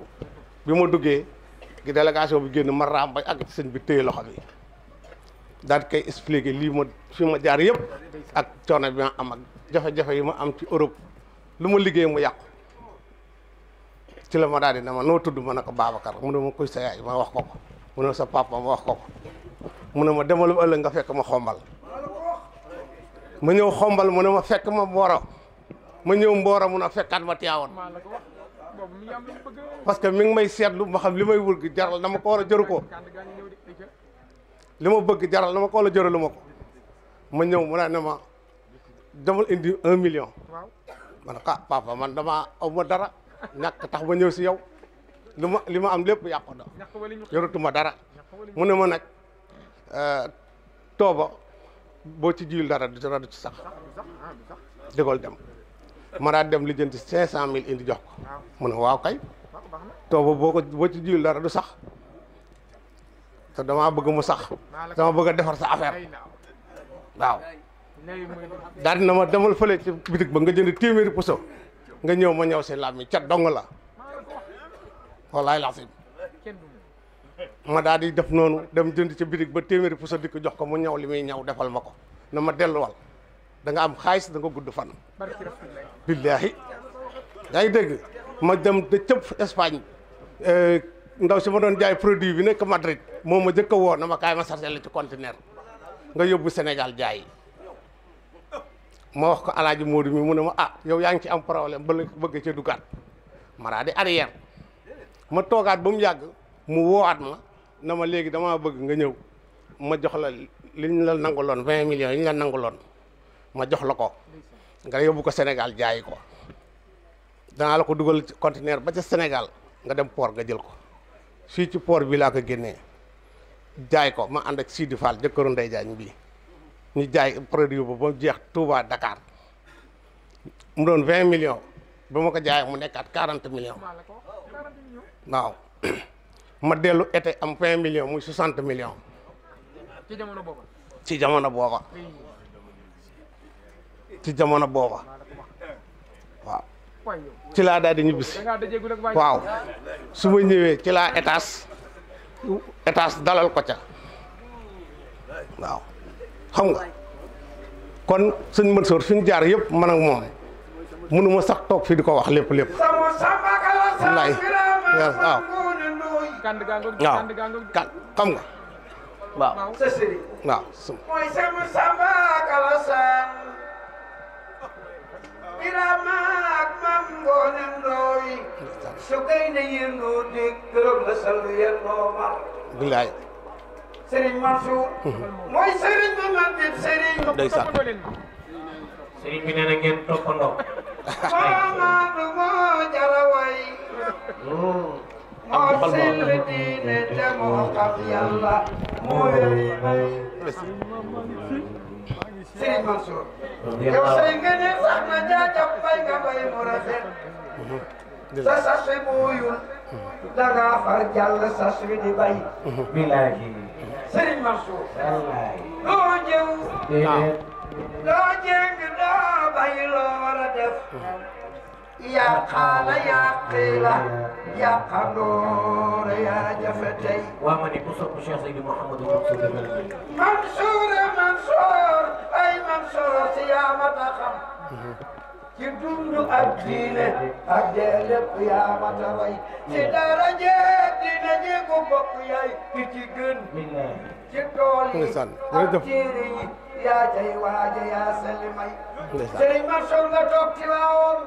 bi ma duggee gi délégation bi génn ma raam ba àgg ci bi téye loxo bi daal di koy lii ma fi ma jaar yëpp ak coono bi ma am ak jafe-jafe yi ma am ci Europe lu ma liggéey mu yàqu ci la ma daal di ne ma noo tudd ma ne ko Babacar mu ne ma kuy sa yaay ma wax ko ko mu ne sa papa ma wax ko ko mu ne ma demal ba ëllëg nga fekk ma xombal ma ñëw xombal mu ne ma fekk ma mbooro ma ñëw mbooro mu ne fekkaat ma tiyaawoon parce que mi ngi may seetlu ma xam li may wur gi jaral dama ko war a jëru ko li ma bëgg jaral lu ma ko wala jaralu ma ko ma ñëw mu ne ne ma demal indi un million man ah papa man damaa aw ma dara ñàkk tax ma ñëw si yow li ma li ma am lépp yàqu na yoratuma dara mu ne ma nag euh, tooba boo ci jiyul dara du dara du ci sax digal ah, dem ma daa dem lijjanti cinq cent mille indi jox ko mu ne waaw kay tooba boo ci jiyul dara du sax te damaa bëgg mu sax dama bëgg a defar sa affaire waaw daal na ma demal fële ci bitig ba nga jënd puso nga ñëw ma ñëw cat dong la wallaay laa ma daal di def noonu dem jënd ci ba puso di ko jox ko mu ñëw li muy ñëw defal ma ko na ma delluwal da nga am xaalis da nga gudd fan billaahi yaa ngi ma dem cëpp Espagne eh, ndaw ma doon jaay produit bi Madrid moom ma jëkk a woo na ma kaay ma sarse la ci conteneur nga yóbbu Sénégal jaay ma wax ko alaaji Modou mi mu ne ma ah yow yaa ngi ci am problème ba la bëgg ca dugaat ma daa di arrière ma toogaat ba mu yàgg mu woo woowaat ma na ma léegi damaa bëgg nga ñëw ma jox la li ñu la nanguloon vingt millions yi ñu la nanguloon ma jox la ko nga yóbbu ko Sénégal jaay ko danaa la ko dugal ci conteneur ba ca Sénégal nga dem poor nga jël ko fii ci port bi laa ko génnee jaay ko ma ànd ak Sidi Fall jëkkëru Ndeye Diagne bii ñu jaay produit bu ba jeex Touba Dakar mu doon vingt millions ba ma ko jaayee mu nekkaat quarante millions waaw ma dellu été am vingt millions muy soixante millions. ci jamono booba. ci jamono booba. jamono booba waaw. ci laa daal di ñibbisi. waaw su ma ñëwee ci laa étage. étage dalal ko ca waaw xam nga kon sëñ Mansour fi ñu jaar yëpp man ak moom mënuma sax toog fii di ko wax lépp lépp wallaay waaw waaw kan xam nga waaw waaw Birama ak maam Ngoné Ndoye su gay na yëngoo dégg gërëm la salu yëngoo mar bilaay Serigne Mansour mhm. mooy Serigne ba man dib Serigne ndeysaan Serigne bi nee na ngeen toppandoo Mamadou moo jara way mhm. moo sell diine te moo xam yàlla moo yëri may Serigne Mansour yow say ngëneel sax na jaajab bay nga bay mu rafet sa sas wi booyul da far jàll sas wi di bay bilaahi Serigne Mansour loo jëw loo jëng doo bay loo war a يا قال يا قيل يا قدور يا جفتي ومن يبصر بشيخ سيدي محمد المقصود منصور منصور اي منصور سيامة خم ci dundu ak diine ak dee lépp yaa ma taway ci dara jee dina ñee ko bokk yaay ki ci gën ci tool yi ak téere yi yaa jay waaja yaa selli may sëriñ Mansour nga toog ci laawoon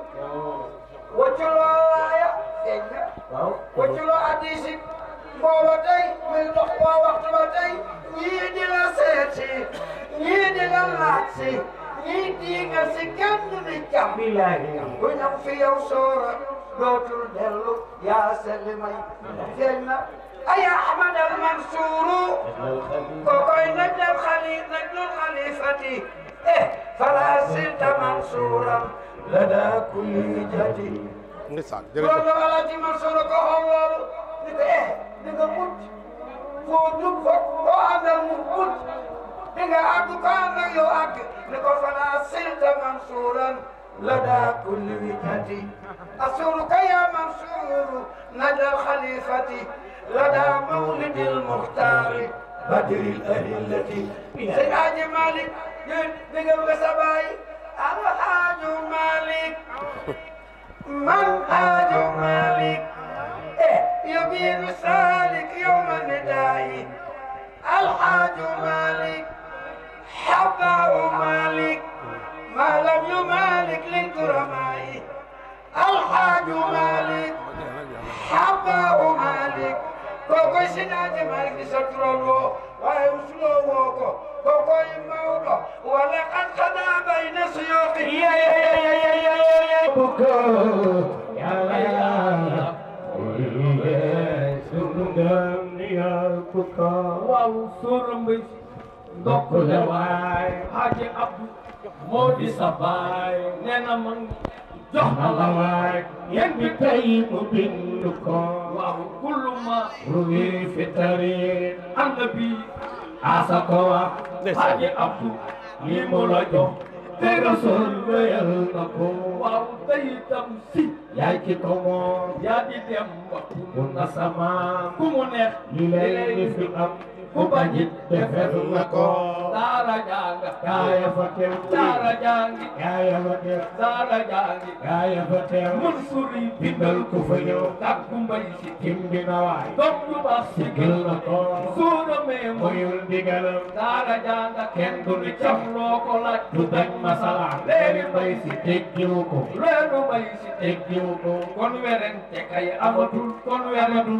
wacculoo laaya dégg nga wacculoo addiisi booba tey muy dox boo waxtu ba tey ñii di la seeti ñii di la laaj si ñii di nga si kenn di jàmm bu ñam fi yow soora dootul dellu yaa selli may dégg أيا أحمد المنصور وكوي نجل الخليل نجل الخليفة إيه فلا سلت منصورا لدى كل جدي نسال جريت والله ولا تي منصور كهوال نك إيه نك موت فوجب فوق أنا موت نك أكو كان يو أك نك فلا سلت منصورا لدى كل وجدي أسرك يا منصور ندى الخليفة لدى مولد المختار بدر الأهلة من سيد مالك بقلب سباي الحاج مالك من حاج مالك إيه، يبين سالك يوم الندائي الحاج مالك حبه مالك ما لم يمالك للكرماء الحاج مالك حبه مالك kokoy sinaade maliki sotturoon woo waaye usuloo woo ko kokoy mawɗo wala qad kada bayna suyuqi bukko yalala ulɓe surngamniya bukka waw surmbi dokkule waay haji abdou moodi sa baay nena mangi jox ma la waay mu bind ko waaw kullu ruwi fi annabi asa ko wax xaaji abdu li mu la jox te rasul wéyal na ko waaw tey yaay ki ko moom yaa di ba ku mu na sama ku mu neex li ku bañit defal na ko daara jàng yaaya fa fa teew daara jàng ku fa ñëw takku mbay si timbi na waay doom ju si gël ko suuna mee moyul ndigalam daara jàng kenn du ni loo ko laaj du dañ masala leeni mbay si teggiw ko leenu mbay si teggiw ko kon werente kay amatul kon weretul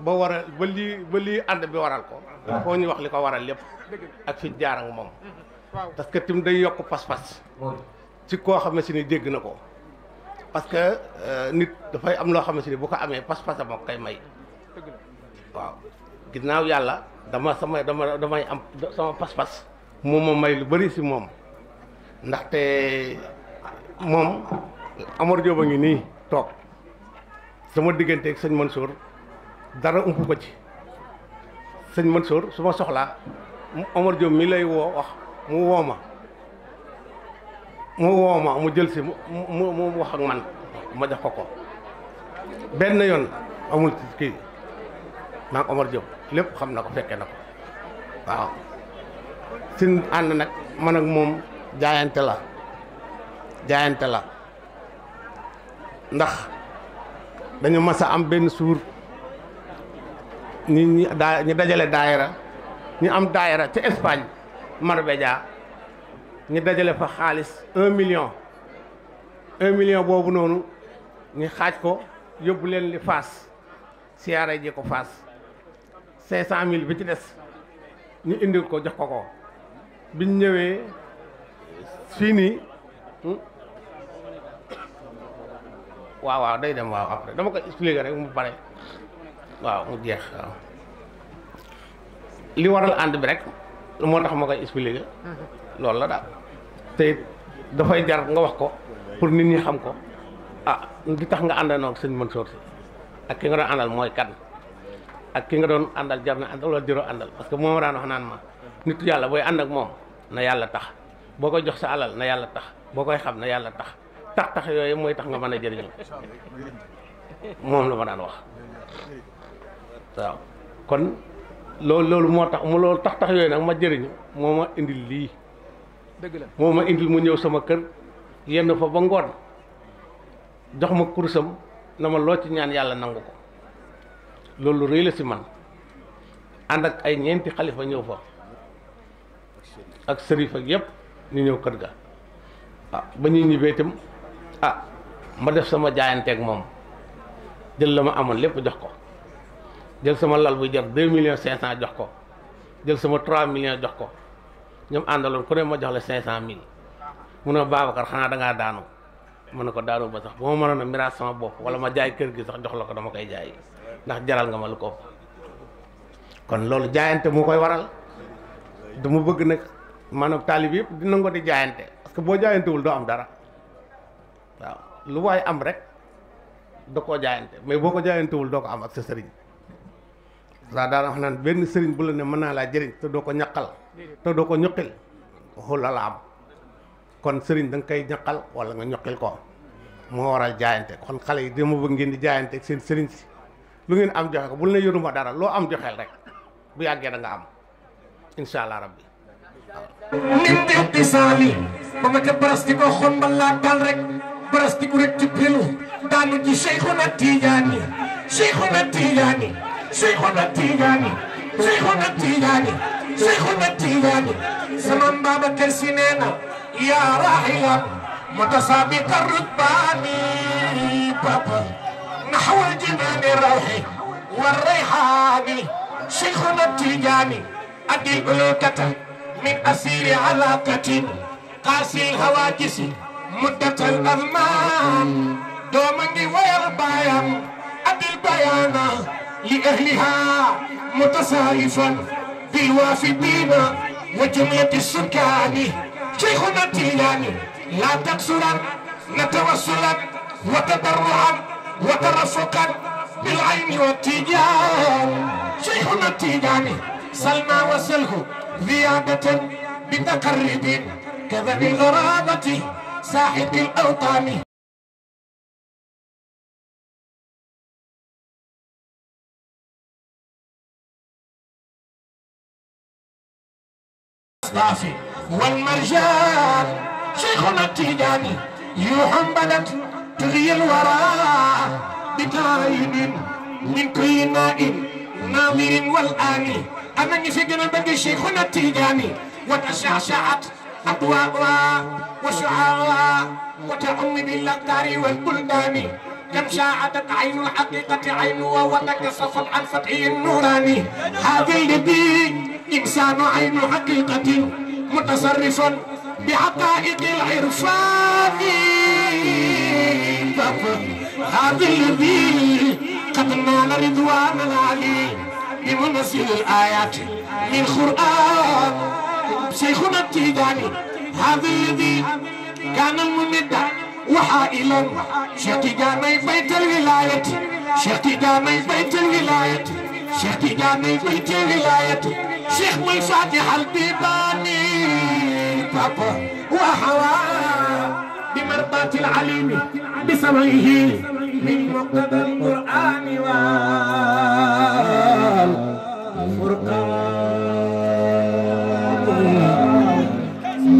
ba waral ba lii ba lii ànd bi waral ko ah. foo ñu wax li ko waral lépp ak fi jaar ak moom parce que tim day yokk pas-pas ci koo xam ne si ni jégg na ko parce que euh, nit dafay am loo xam ne si ni bu ko amee pas-pas moo koy may waaw yàlla dama sama dama damay am sama pas-pas moom ma may lu bari si moom ndaxte moom Amar Diop a ngi nii toog sama diggante ak sëñ Mansour dara ump ko ci sëñ Mansour su ma soxlaa Omar Diop mi lay woo wax mu woo ma mu woo mu jël si mu mu wax ak man ma jox ko ko benn yoon amul ci kii maa ngi Omar lépp xam na ko fekke na ko waaw sin ànd nag man ak moom jaayante la jaayante la ndax dañu mas am benn suur ñi ñi daa ñu dajale daayira ñu am ci ca Espagne Marbella ñu dajale fa xaalis un million un million boobu noonu ñu xaaj ko yóbbu leen li faas siyaare ji ko faas cinq cent mille bi ci des ñu indi ko jox ko ko biñ ñëwee fii nii hmm? waaw waaw day dem waaw après dama ko expliquer rek mu pare waaw mu jeex waaw li waral ànd bi rek moo tax ma koy expliquer mhm. loolu la daal te dafay jar nga wax ko pour nit ñi xam ko ah di tax nga àndandoo ak sëñ Mansour si ak ki nga doon àndal mooy kan ak ki nga doon àndal jar na àndal wala jëroo àndal parce que moom daan wax naan ma nit yàlla booy ànd ak moom na yàlla tax boo koy jox sa alal na yàlla tax boo koy xam na yàlla tax tax tax yooyu mooy tax nga mën a jëriñoo moom la ma daan wax waaw kon loolu loolu moo tax mu loolu tax tax yooyu nag ma jëriñ moo ma indil lii. dëgg la moo ma indil mu ñëw sama kër yenn fa ba ngoon jox ma kursam na ma loo ci ñaan yàlla nangu ko loolu rëy la si man ànd ak ay ñeenti xalifa ñëw fa ak sërif ak yëpp ñu ñëw kër ga ah ba ñuy ñibbee itam ah ma def sama jaayanteeg moom jël la ma amoon lépp jox ko. jël sama lal bu jar 2 millions 500 jox ko jël sama 3 millions jox ko ñom andalon ku ne ma jox la 500000 cent mille mu ne Babacar xanaa da nga daanu mu ne ko daaru ba sax bo mo meuna a sama bop wala ma jaay kër gi sax jox la ko dama koy jaay ndax jaral nga ma lu ko kon lolu jaayante mu koy waral dama bëgg nag maanaam talib yëpp di nango di jaayante parce que bo jaayante wul do am dara waaw lu way am rek da ko jaayante mais boko jaayante wul do ko am ak sa serigne saa daana wax naan benn sëriñ bu la ne mën naa laa jëriñ te doo ko ñaqal te doo ko ñuqil la am kon sëriñ da nga koy ñaqal wala nga ñuqil ko moo waral jaayante kon xale yi dama bëgg ngeen di jaayante ak seen sëriñ si lu ngeen am joxe ko bul ne yoruma dara loo am joxeel rek bu yàggee da nga am insha allah rabbi intiqtisami ba ma ca barasti ko xombal laa dal rek barasti ku rek ci pelu daanu ji cheikhuna tijaani cheikhuna tijaani Seexuna Tijaani Seexuna Tijaani Seexuna Tijaani sama mbaaba kër si nee na yaa raaxilan mutasaabiqa rutbaani papa naxwal jinaani rawxi wa rayxaani Seexuna Tijaani أديب الكتب من أسير علاقة قاسي الهواجس مدة الأزمان دومني ويربايا أدي البيانا لأهلها متصارفا بالوافدين وجميع السكان شيخنا التيلاني لا تقصرا نتوسلا وتضرعا وترفقا بالعين والتيجان شيخنا التيجاني سلمى وسله زيادة بتقربين كذا بالغرابة ساحق الأوطان الصافي والمرجان شيخنا التيجاني يوحم بلد تغي الورى بتراين من كل نائم ناظر والآني أمني في قلبك شيخنا التيجاني وتشعشعت أضواءها وشعاعها وتعم بالأقدار والبلدان كم شاعتك عين الحقيقة عين ووتك صفا عن فتحي النوراني هذا الذي إنسان عين حقيقة متصرف بحقائق العرفان هذا الذي قد نال رضوان العلي بمنزل الآيات من قرآن شيخنا التيجاني هذا الذي كان الممدد وحائلا شيخ تجامي بيت الولاية شيخ تجامي بيت الولاية شيخ تجامي بيت الولاية شيخ من فاتح البيباني بابا وحوا بمرضاة العليم بسمعه من مقتضى القرآن والفرقان